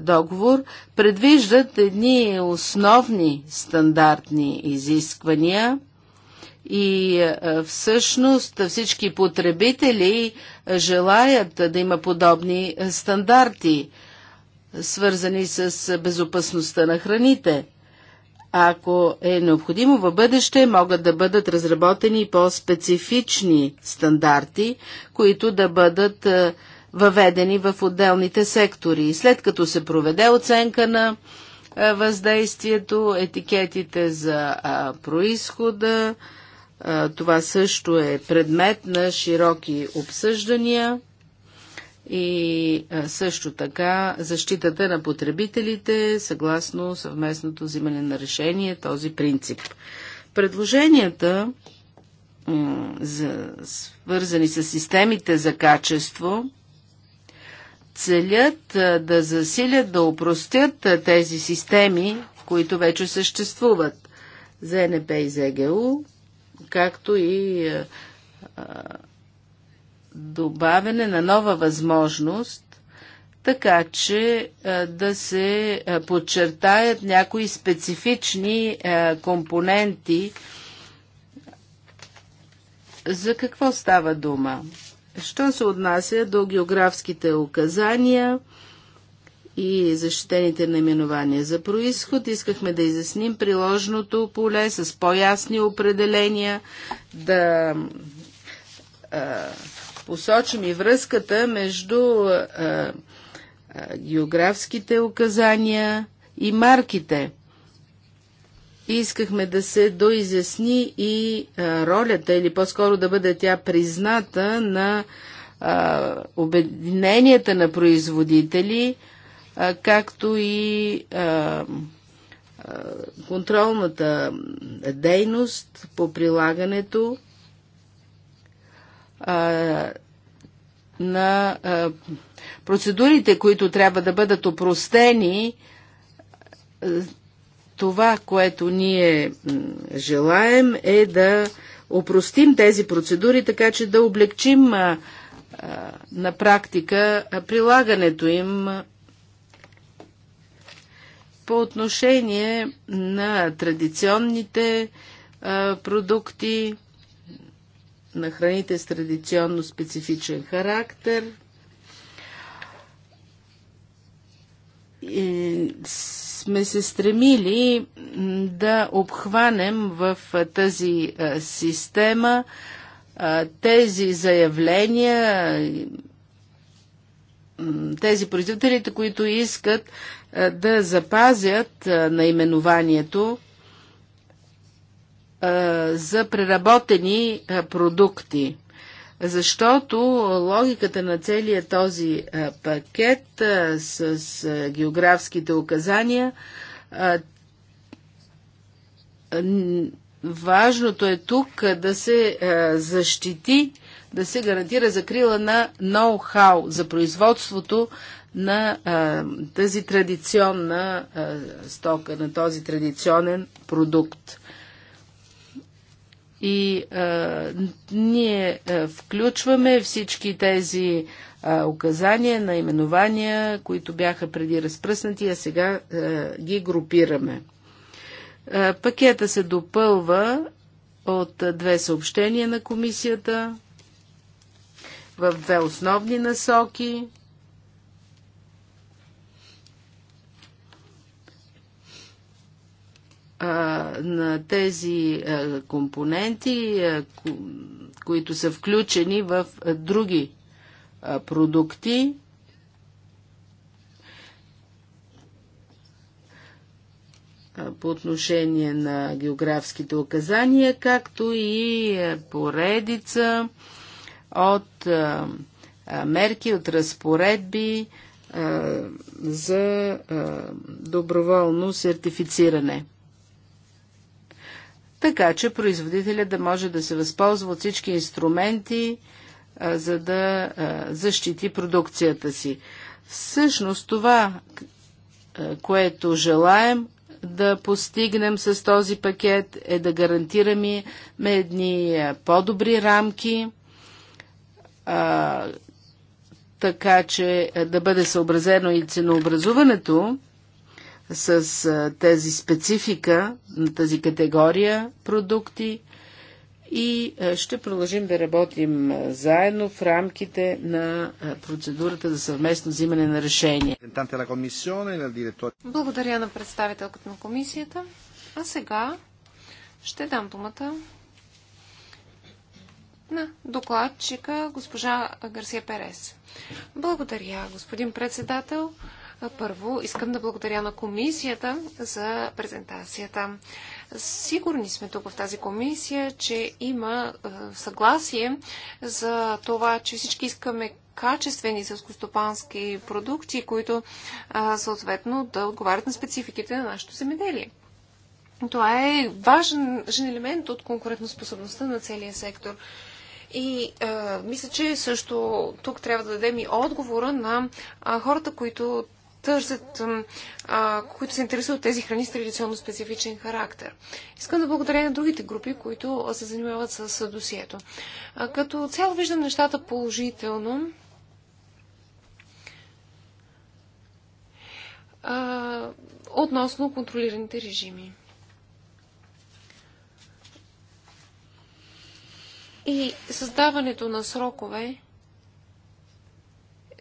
договор, предвиждат едни основни стандартни изисквания – и е, всъщност всички потребители е, желаят да има подобни е, стандарти, свързани с безопасността на храните. Ако е необходимо в бъдеще, могат да бъдат разработени по-специфични стандарти, които да бъдат въведени в отделните сектори. след като се проведе оценка на въздействието, етикетите за происхода, това също е предмет на широки обсъждания и също така защитата на потребителите съгласно съвместното взимане на решение този принцип. Предложенията свързани с системите за качество целят да засилят, да упростят тези системи, които вече съществуват. ЗНП и ЗГУ както и а, е, е, добавяне на нова възможност, така че а, е, да се подчертаят някои специфични а, компоненти. За какво става дума? Що се отнася до географските указания – и защитените наименования за происход. Искахме да изясним приложното поле с по-ясни определения, да а, посочим и връзката между а, а, географските указания и марките. Искахме да се доизясни и а, ролята, или по-скоро да бъде тя призната на а, обединенията на производители – както и контролната дейност по прилагането на процедурите, които трябва да бъдат опростени, това, което ние желаем е да опростим тези процедури, така че да облегчим на практика прилагането им по отношение на традиционните а, продукти, на храните с традиционно специфичен характер, и сме се стремили да обхванем в тази система тези заявления, тези производителите, които искат е, да запазят е, наименованието е, за преработени продукти. Защото логиката на целия този пакет с географските указания, важното е тук да се защити, да се гарантира закрила на ноу-хау за производството на а, тази традиционна а, стока, на този традиционен продукт. И а, ние а, включваме всички тези а, указания, наименования, които бяха преди разпръснати, а сега а, ги групираме. А, пакета се допълва от две съобщения на комисията в две основни насоки на тези компоненти, които са включени в други продукти. по отношение на географските указания, както и поредица от мерки, от разпоредби за доброволно сертифициране така че производителя да може да се възползва от всички инструменти, за да защити продукцията си. Всъщност това, което желаем да постигнем с този пакет, е да гарантираме едни по-добри рамки, така че да бъде съобразено и ценообразуването с тази специфика на тази категория продукти и ще продължим да работим заедно в рамките на процедурата за съвместно взимане на решение. Благодаря на представителката на комисията. А сега ще дам думата на докладчика госпожа Гарсия Перес. Благодаря, господин председател. Първо искам да благодаря на комисията за презентацията. Сигурни сме тук в тази комисия, че има съгласие за това, че всички искаме качествени селскостопански продукти, които съответно да отговарят на спецификите на нашето земеделие. Това е важен елемент от конкурентоспособността на целия сектор. И мисля, че също тук трябва да дадем и отговора на хората, които търсят, а, които се интересуват тези храни с традиционно специфичен характер. Искам да благодаря на другите групи, които се занимават с досието. А, като цяло виждам нещата положително. А, относно контролираните режими. И създаването на срокове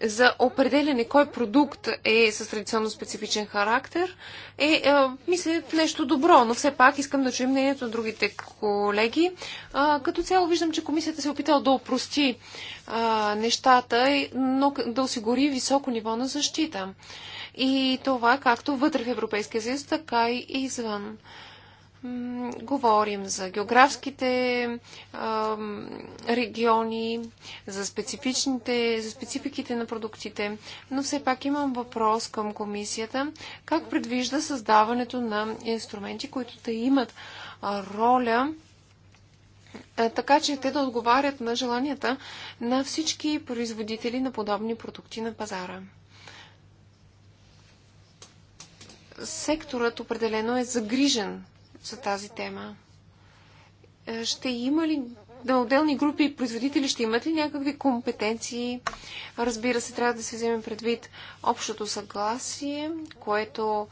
за определене кой продукт е с традиционно специфичен характер е, е мисля, нещо добро, но все пак искам да чуем мнението на другите колеги. А, като цяло виждам, че комисията се е опитала да опрости а, нещата, но да осигури високо ниво на защита. И това както вътре в Европейския съюз, така и извън говорим за географските региони, за специфичните, за спецификите на продуктите, но все пак имам въпрос към комисията. Как предвижда създаването на инструменти, които да имат роля така че те да отговарят на желанията на всички производители на подобни продукти на пазара. Секторът определено е загрижен за тази тема? Е, ще има ли на отделни групи и производители ще имат ли някакви компетенции? Разбира се, трябва да се вземе предвид общото съгласие, което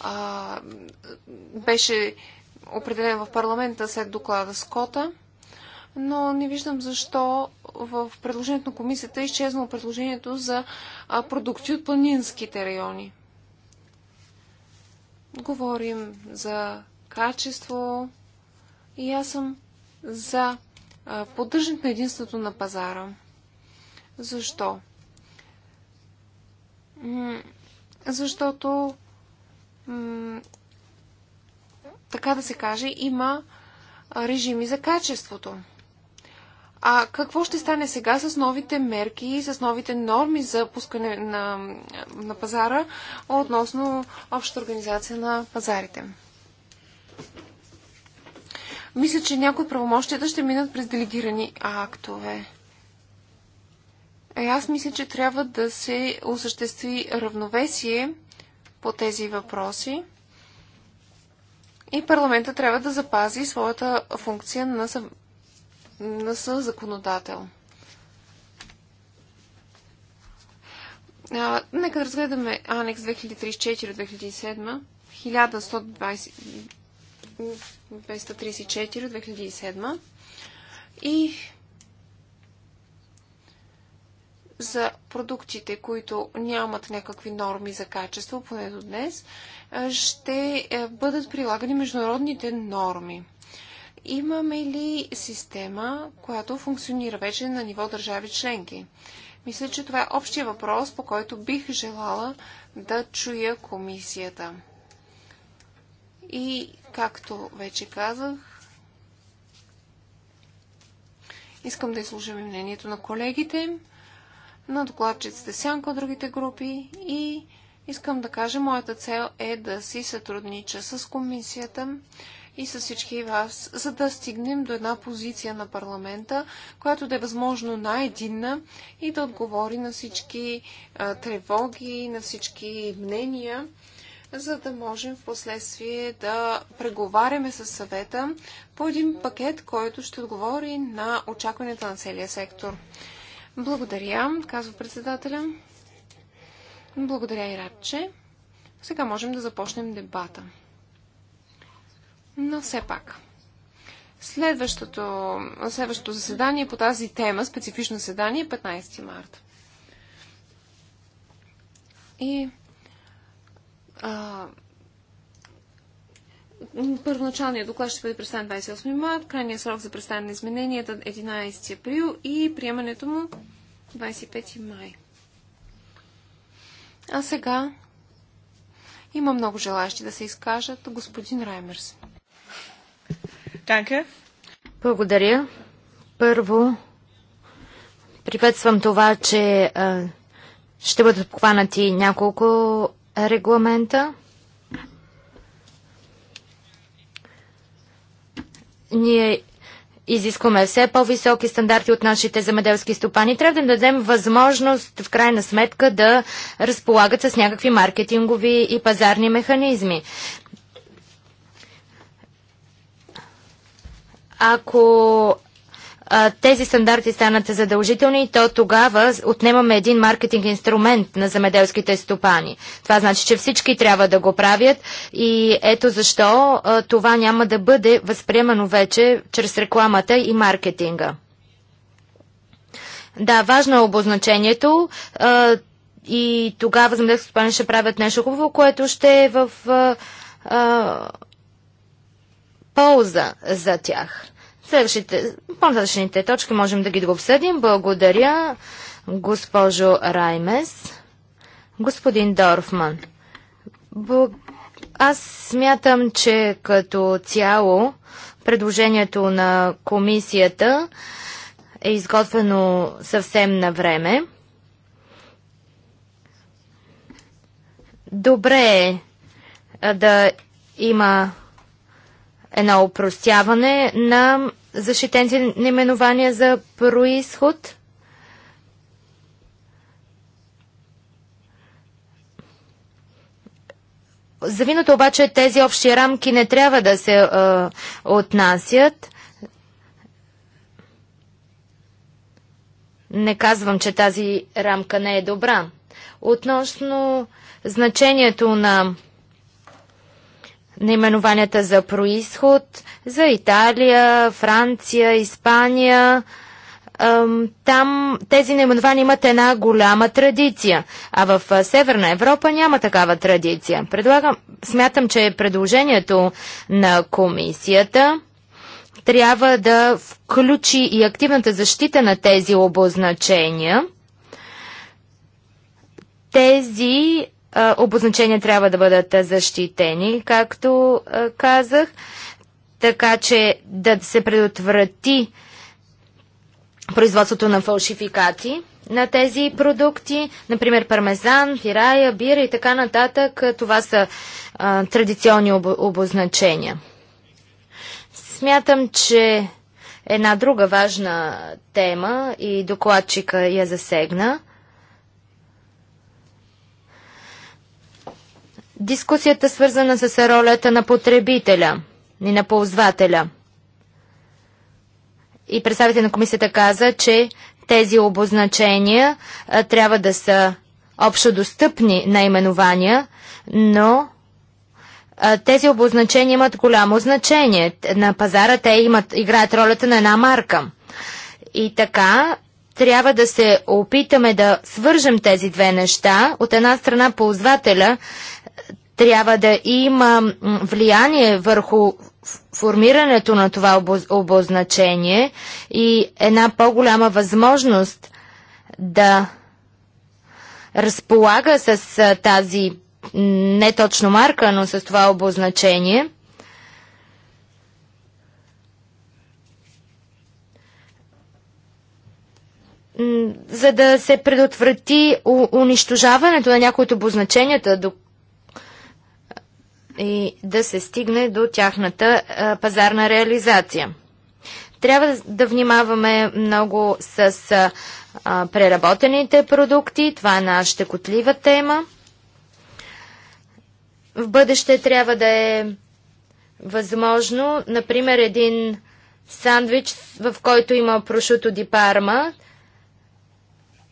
а, беше определено в парламента след доклада Скота. Но не виждам защо в предложението на комисията е изчезнало предложението за продукти от планинските райони. Говорим за качество. И аз съм за поддържането на единството на пазара. Защо? Защото, така да се каже, има режими за качеството. А какво ще стане сега с новите мерки и с новите норми за пускане на, на пазара относно общата организация на пазарите? Мисля, че някои правомощията ще минат през делегирани актове. Е, аз мисля, че трябва да се осъществи равновесие по тези въпроси и парламента трябва да запази своята функция на, съ... на съзаконодател. А, нека да разгледаме Анекс 2034-2007, 1120... 234 от 2007 и за продуктите, които нямат някакви норми за качество, поне до днес, ще е, бъдат прилагани международните норми. Имаме ли система, която функционира вече на ниво държави членки? Мисля, че това е общия въпрос, по който бих желала да чуя комисията. И Както вече казах, искам да изслужим мнението на колегите, на докладчиците Сянка от другите групи и искам да кажа, моята цел е да си сътруднича с комисията и с всички вас, за да стигнем до една позиция на парламента, която да е възможно най-единна и да отговори на всички а, тревоги, на всички мнения за да можем в последствие да преговаряме с съвета по един пакет, който ще отговори на очакванията на целия сектор. Благодаря, казва председателя. Благодаря и Радче. Сега можем да започнем дебата. Но все пак, следващото, следващото заседание по тази тема, специфично заседание, е 15 марта. И а, първоначалният доклад ще бъде представен 28 март, крайният срок за представяне на измененията 11 е април и приемането му 25 май. А сега има много желащи да се изкажат. Господин Раймерс. Данка. Благодаря. Първо, приветствам това, че ще бъдат обхванати няколко регламента. Ние изискваме все по-високи стандарти от нашите земеделски стопани. Трябва да им дадем възможност в крайна сметка да разполагат с някакви маркетингови и пазарни механизми. Ако а, тези стандарти станат задължителни, то тогава отнемаме един маркетинг инструмент на замеделските стопани. Това значи, че всички трябва да го правят и ето защо а, това няма да бъде възприемано вече чрез рекламата и маркетинга. Да, важно е обозначението. А, и тогава земеделските стопани ще правят нещо хубаво, което ще е в а, а, полза за тях. Следващите, по-нататъчните точки можем да ги да обсъдим. Благодаря, госпожо Раймес. Господин Дорфман, аз смятам, че като цяло предложението на комисията е изготвено съвсем на време. Добре е да има едно упростяване на защитените наименования за происход. За виното обаче тези общи рамки не трябва да се е, отнасят. Не казвам, че тази рамка не е добра. Относно значението на наименованията за происход за Италия, Франция, Испания. Там тези наименования имат една голяма традиция, а в Северна Европа няма такава традиция. Предлагам, смятам, че предложението на комисията трябва да включи и активната защита на тези обозначения. Тези обозначения трябва да бъдат защитени, както казах, така че да се предотврати производството на фалшификати на тези продукти, например пармезан, фирая, бира и така нататък. Това са а, традиционни об, обозначения. Смятам, че една друга важна тема и докладчика я засегна – Дискусията свързана с ролята на потребителя и на ползвателя. И представите на комисията каза, че тези обозначения а, трябва да са общодостъпни наименования, но а, тези обозначения имат голямо значение. На пазара те имат, играят ролята на една марка. И така трябва да се опитаме да свържем тези две неща. От една страна ползвателя трябва да има влияние върху формирането на това обозначение и една по-голяма възможност да разполага с тази не точно марка, но с това обозначение. За да се предотврати унищожаването на някои от обозначенията, и да се стигне до тяхната а, пазарна реализация. Трябва да внимаваме много с а, преработените продукти. Това е една щекотлива тема. В бъдеще трябва да е възможно, например, един сандвич, в който има прошуто ди парма.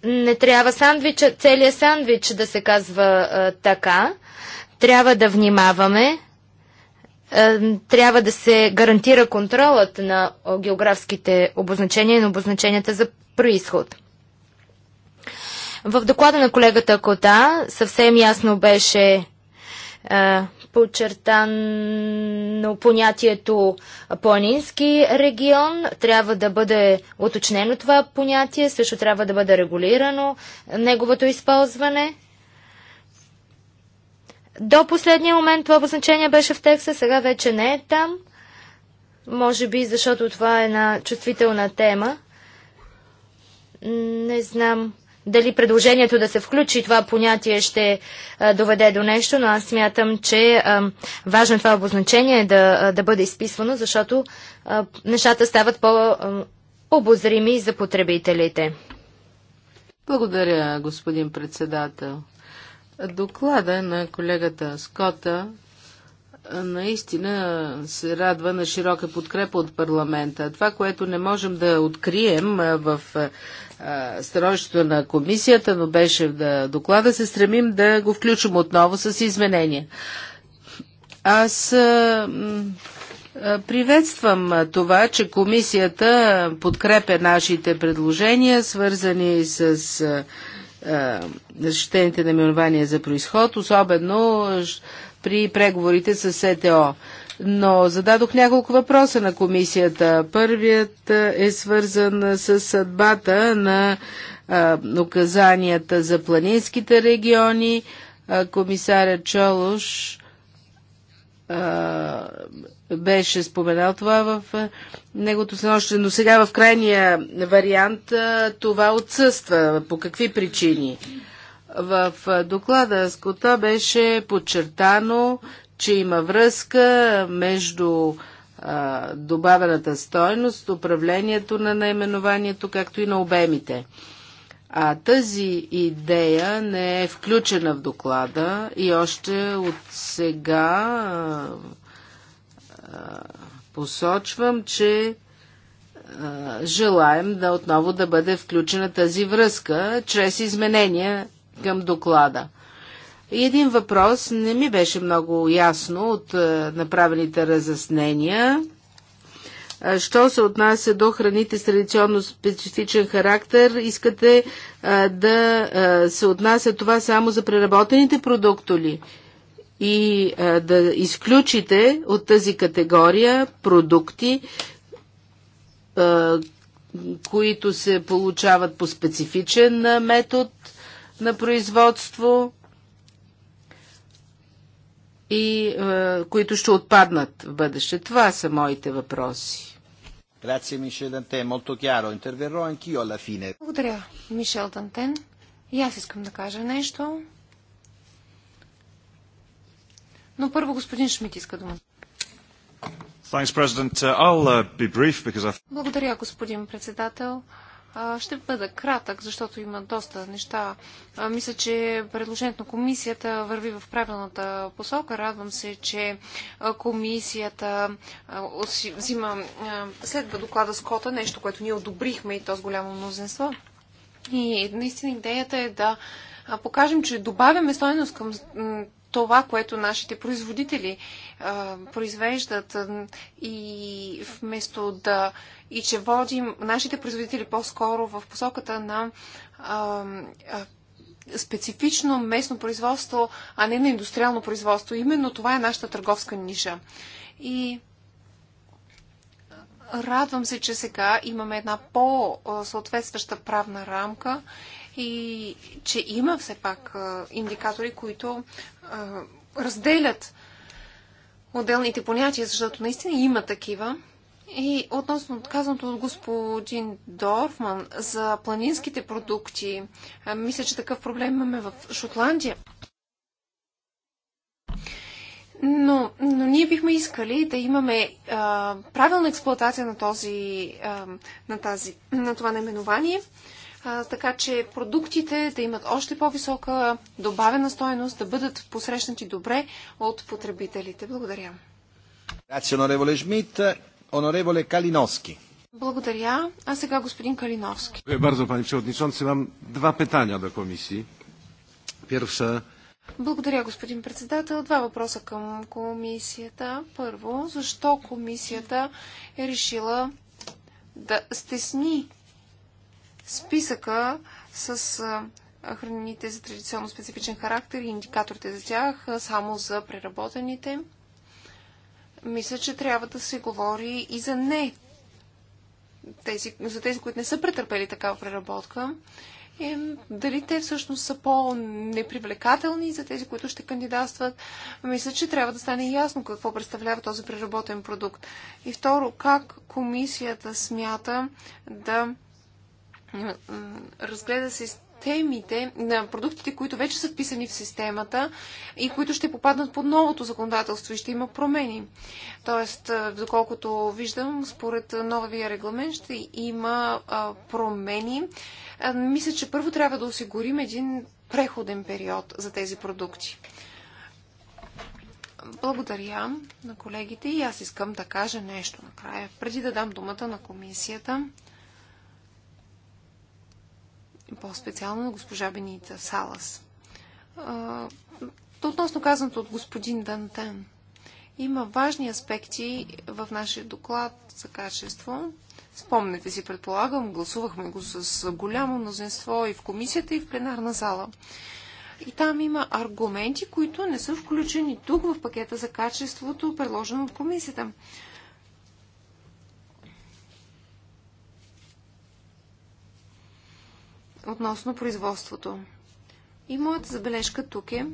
Не трябва сандвича, целият сандвич да се казва а, така трябва да внимаваме, е, трябва да се гарантира контролът на географските обозначения и на обозначенията за происход. В доклада на колегата Кота съвсем ясно беше е, подчертано понятието планински регион. Трябва да бъде уточнено това понятие, също трябва да бъде регулирано неговото използване. До последния момент това обозначение беше в текста, сега вече не е там. Може би, защото това е една чувствителна тема. Не знам дали предложението да се включи това понятие ще а, доведе до нещо, но аз смятам, че а, важно е това обозначение да, да бъде изписвано, защото а, нещата стават по-обозрими за потребителите. Благодаря, господин председател. Доклада на колегата Скота наистина се радва на широка подкрепа от парламента. Това, което не можем да открием в становището на комисията, но беше да доклада, се стремим да го включим отново с изменения. Аз Приветствам това, че комисията подкрепя нашите предложения, свързани с на е, защитените наименования за происход, особено е, при преговорите с СТО. Но зададох няколко въпроса на комисията. Първият е, е свързан с съдбата на указанията за планинските региони. Комисаря Чолош беше споменал това в негото становище, но сега в крайния вариант това отсъства. По какви причини? В доклада Скота беше подчертано, че има връзка между добавената стойност, управлението на наименованието, както и на обемите. А тази идея не е включена в доклада и още от сега посочвам, че желаем да отново да бъде включена тази връзка чрез изменения към доклада. И един въпрос не ми беше много ясно от направените разяснения. Що се отнася до храните с традиционно специфичен характер, искате а, да а, се отнася това само за преработените продукти ли? и а, да изключите от тази категория продукти, а, които се получават по специфичен метод на производство и а, които ще отпаднат в бъдеще. Това са моите въпроси. Grazie Michel Dantin, molto chiaro. Interverrò anch'io alla fine. Благодаря, Мишел Дантен. И аз искам да кажа нещо. Но първо господин Шмидт иска думата. Uh, uh, Благодаря, господин председател. Ще бъда кратък, защото има доста неща. Мисля, че предложението на комисията върви в правилната посока. Радвам се, че комисията взима следва доклада Скота, нещо, което ние одобрихме и то с голямо мнозинство. И наистина идеята е да покажем, че добавяме стоеност към това, което нашите производители а, произвеждат и вместо да и че водим нашите производители по-скоро в посоката на а, а, специфично местно производство, а не на индустриално производство. Именно това е нашата търговска ниша. И радвам се, че сега имаме една по-съответстваща правна рамка и че има все пак индикатори, които разделят отделните понятия, защото наистина има такива. И относно казаното от господин Дорфман за планинските продукти, мисля, че такъв проблем имаме в Шотландия. Но, но ние бихме искали да имаме а, правилна експлуатация на, този, а, на, тази, на това наименование така че продуктите да имат още по-висока добавена стоеност, да бъдат посрещнати добре от потребителите. Благодаря. Благодаря. А сега господин Калиновски. Bardzo panie przewodniczący, имам два питания до комисии. Pierwsze Благодаря, господин председател. Два въпроса към комисията. Първо, защо комисията е решила да стесни списъка с храните за традиционно специфичен характер и индикаторите за тях, само за преработените. Мисля, че трябва да се говори и за не. Тези, за тези, които не са претърпели такава преработка. Е, дали те всъщност са по-непривлекателни за тези, които ще кандидатстват? Мисля, че трябва да стане ясно какво представлява този преработен продукт. И второ, как комисията смята да разгледа системите на продуктите, които вече са вписани в системата и които ще попаднат под новото законодателство и ще има промени. Тоест, доколкото виждам, според новия регламент ще има промени. Мисля, че първо трябва да осигурим един преходен период за тези продукти. Благодаря на колегите и аз искам да кажа нещо накрая, преди да дам думата на комисията по-специално на госпожа Бенита Салас. Относно казаното от господин Дантен, има важни аспекти в нашия доклад за качество. Спомнете си, предполагам, гласувахме го с голямо мнозинство и в комисията, и в пленарна зала. И там има аргументи, които не са включени тук в пакета за качеството, предложено от комисията. относно производството. И моята забележка тук е,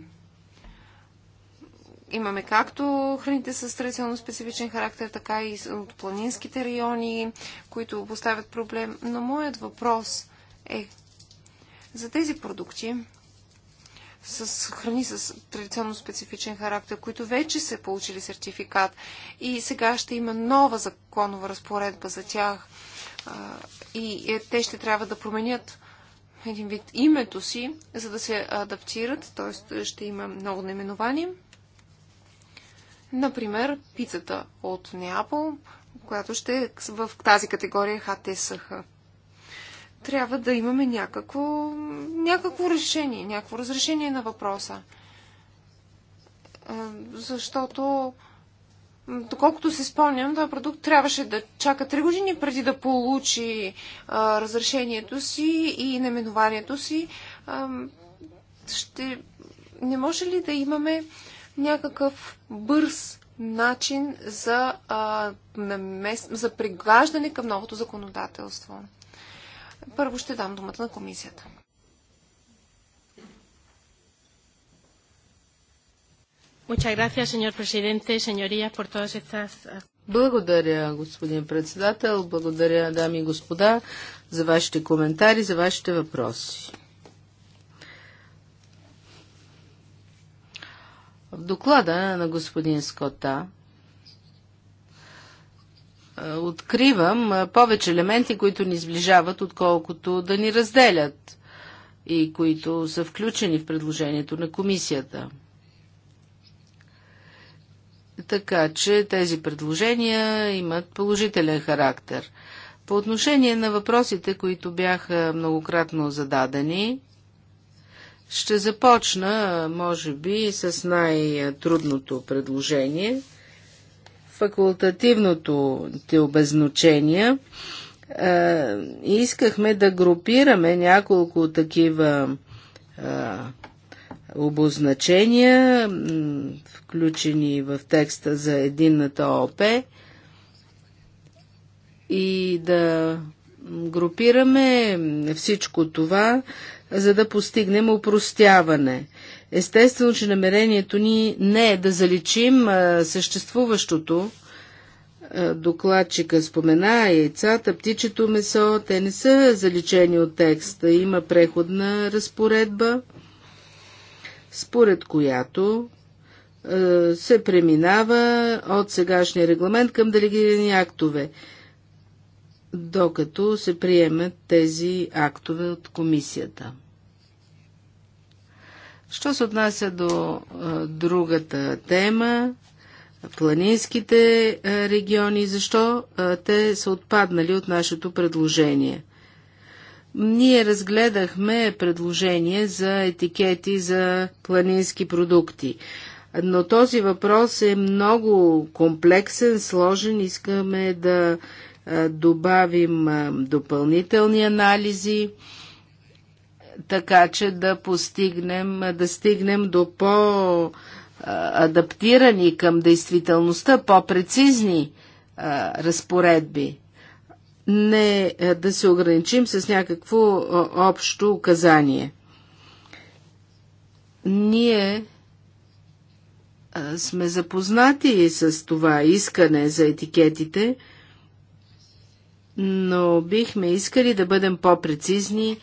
имаме както храните с традиционно специфичен характер, така и от планинските райони, които поставят проблем. Но моят въпрос е, за тези продукти, с храни с традиционно специфичен характер, които вече са получили сертификат и сега ще има нова законова разпоредба за тях и е, те ще трябва да променят един вид името си, за да се адаптират, т.е. ще има много наименования. Например, пицата от Неапол, която ще е в тази категория ХТСХ. Трябва да имаме някакво, някакво решение, някакво разрешение на въпроса. Защото доколкото се спомням, този продукт трябваше да чака 3 години преди да получи а, разрешението си и наименованието си. А, ще... Не може ли да имаме някакъв бърз начин за, а, намес... за пригаждане към новото законодателство? Първо ще дам думата на комисията. Ah, Благодаря, господин председател. Благодаря, дами и господа, за вашите коментари, за вашите въпроси. В доклада на господин Скота откривам повече елементи, които ни сближават, отколкото да ни разделят и които са включени в предложението на комисията – така че тези предложения имат положителен характер. По отношение на въпросите, които бяха многократно зададени, ще започна, може би, с най-трудното предложение факултативното те обезначения. Е, искахме да групираме няколко такива а, е, обозначения, включени в текста за единната ОП и да групираме всичко това, за да постигнем упростяване. Естествено, че намерението ни не е да заличим съществуващото. Докладчика спомена яйцата, птичето месо, те не са заличени от текста. Има преходна разпоредба според която е, се преминава от сегашния регламент към делегирани актове, докато се приемат тези актове от комисията. Що се отнася до е, другата тема, планинските е, региони, защо те са отпаднали от нашето предложение? Ние разгледахме предложение за етикети за планински продукти. Но този въпрос е много комплексен, сложен. Искаме да добавим допълнителни анализи, така че да постигнем, да стигнем до по- адаптирани към действителността, по-прецизни разпоредби не е, да се ограничим с някакво е, общо указание. Ние е, сме запознати с това искане за етикетите, но бихме искали да бъдем по-прецизни,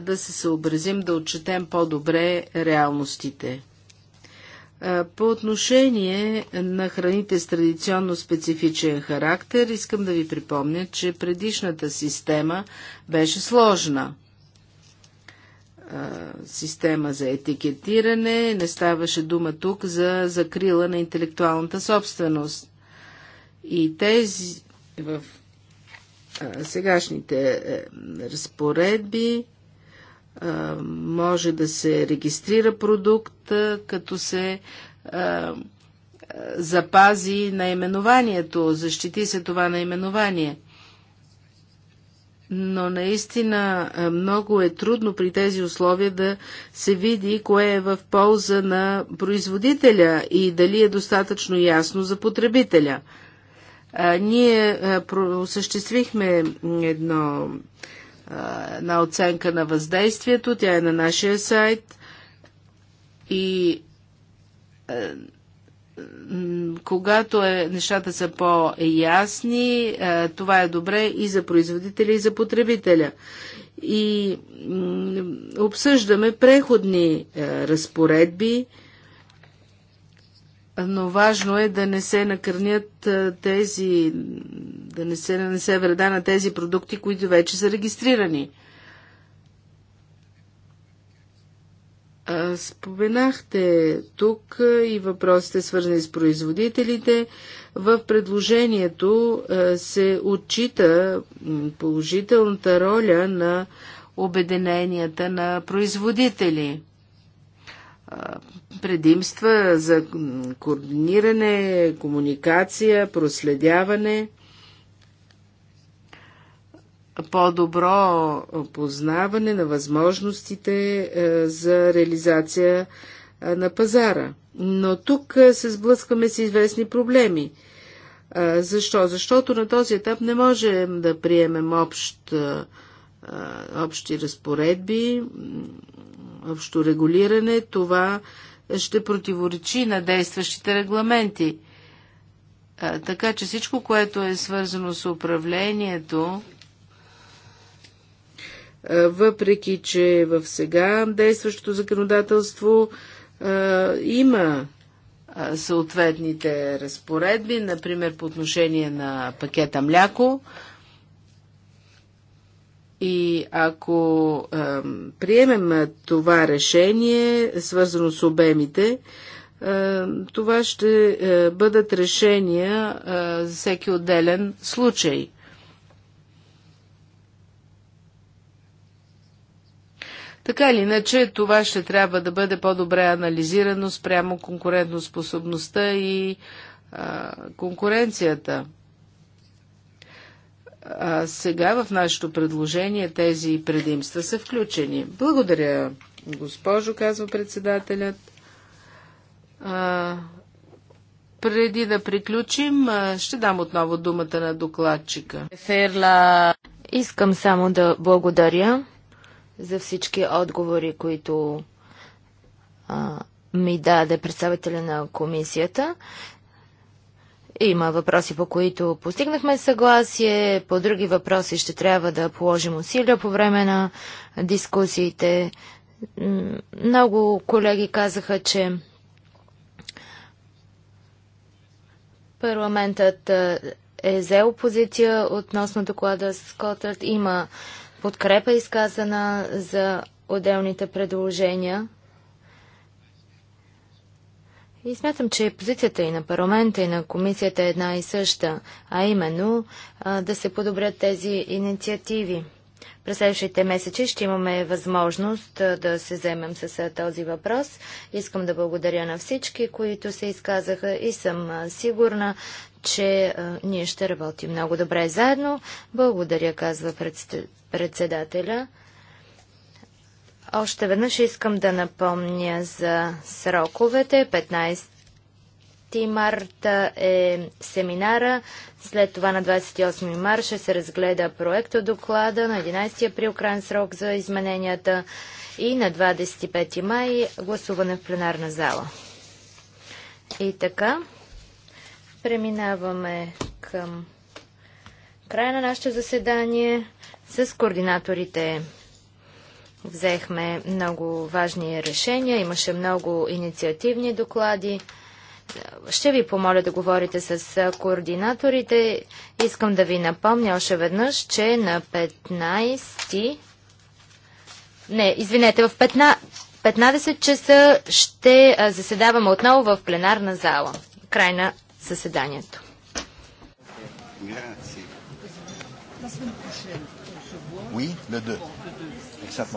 да се съобразим, да отчетем по-добре реалностите. По отношение на храните с традиционно специфичен характер, искам да ви припомня, че предишната система беше сложна. Система за етикетиране, не ставаше дума тук за закрила на интелектуалната собственост. И тези в сегашните е, разпоредби може да се регистрира продукт, като се запази наименованието, защити се това наименование. Но наистина много е трудно при тези условия да се види кое е в полза на производителя и дали е достатъчно ясно за потребителя. Ние осъществихме едно на оценка на въздействието. Тя е на нашия сайт. И когато е, нещата са по-ясни, това е добре и за производителя, и за потребителя. И обсъждаме преходни разпоредби, но важно е да не се накърнят тези, да не се нанесе вреда на тези продукти, които вече са регистрирани. Споменахте тук и въпросите свързани с производителите. В предложението се отчита положителната роля на обединенията на производители предимства за координиране, комуникация, проследяване, по-добро познаване на възможностите е, за реализация е, на пазара. Но тук е, се сблъскваме с известни проблеми. Защо? Защото на този етап не можем да приемем общ, общи разпоредби, общо регулиране, това ще противоречи на действащите регламенти. Така че всичко, което е свързано с управлението, въпреки че в сега действащото законодателство има съответните разпоредби, например по отношение на пакета мляко, и ако е, приемем това решение, свързано с обемите, е, това ще е, бъдат решения е, за всеки отделен случай. Така или иначе, това ще трябва да бъде по-добре анализирано спрямо конкурентоспособността и а, конкуренцията. А сега в нашето предложение тези предимства са включени. Благодаря, госпожо, казва председателят. А, преди да приключим, ще дам отново думата на докладчика. Искам само да благодаря за всички отговори, които а, ми даде представителя на комисията. Има въпроси, по които постигнахме съгласие, по други въпроси ще трябва да положим усилия по време на дискусиите. Много колеги казаха, че парламентът е взел позиция относно доклада Скотът. Има подкрепа изказана за отделните предложения. И смятам, че позицията и на парламента, и на комисията е една и съща, а именно да се подобрят тези инициативи. През следващите месеци ще имаме възможност да се вземем с този въпрос. Искам да благодаря на всички, които се изказаха и съм сигурна, че ние ще работим много добре заедно. Благодаря, казва председателя. Още веднъж искам да напомня за сроковете. 15 марта е семинара, след това на 28 марта ще се разгледа проекта доклада, на 11 април крайен срок за измененията и на 25 май гласуване в пленарна зала. И така, преминаваме към края на нашето заседание с координаторите. Взехме много важни решения, имаше много инициативни доклади. Ще ви помоля да говорите с координаторите. Искам да ви напомня още веднъж, че на 15... Не, извинете, в 15... 15 часа ще заседаваме отново в пленарна зала. Край на заседанието. Oui, le 2 ich sag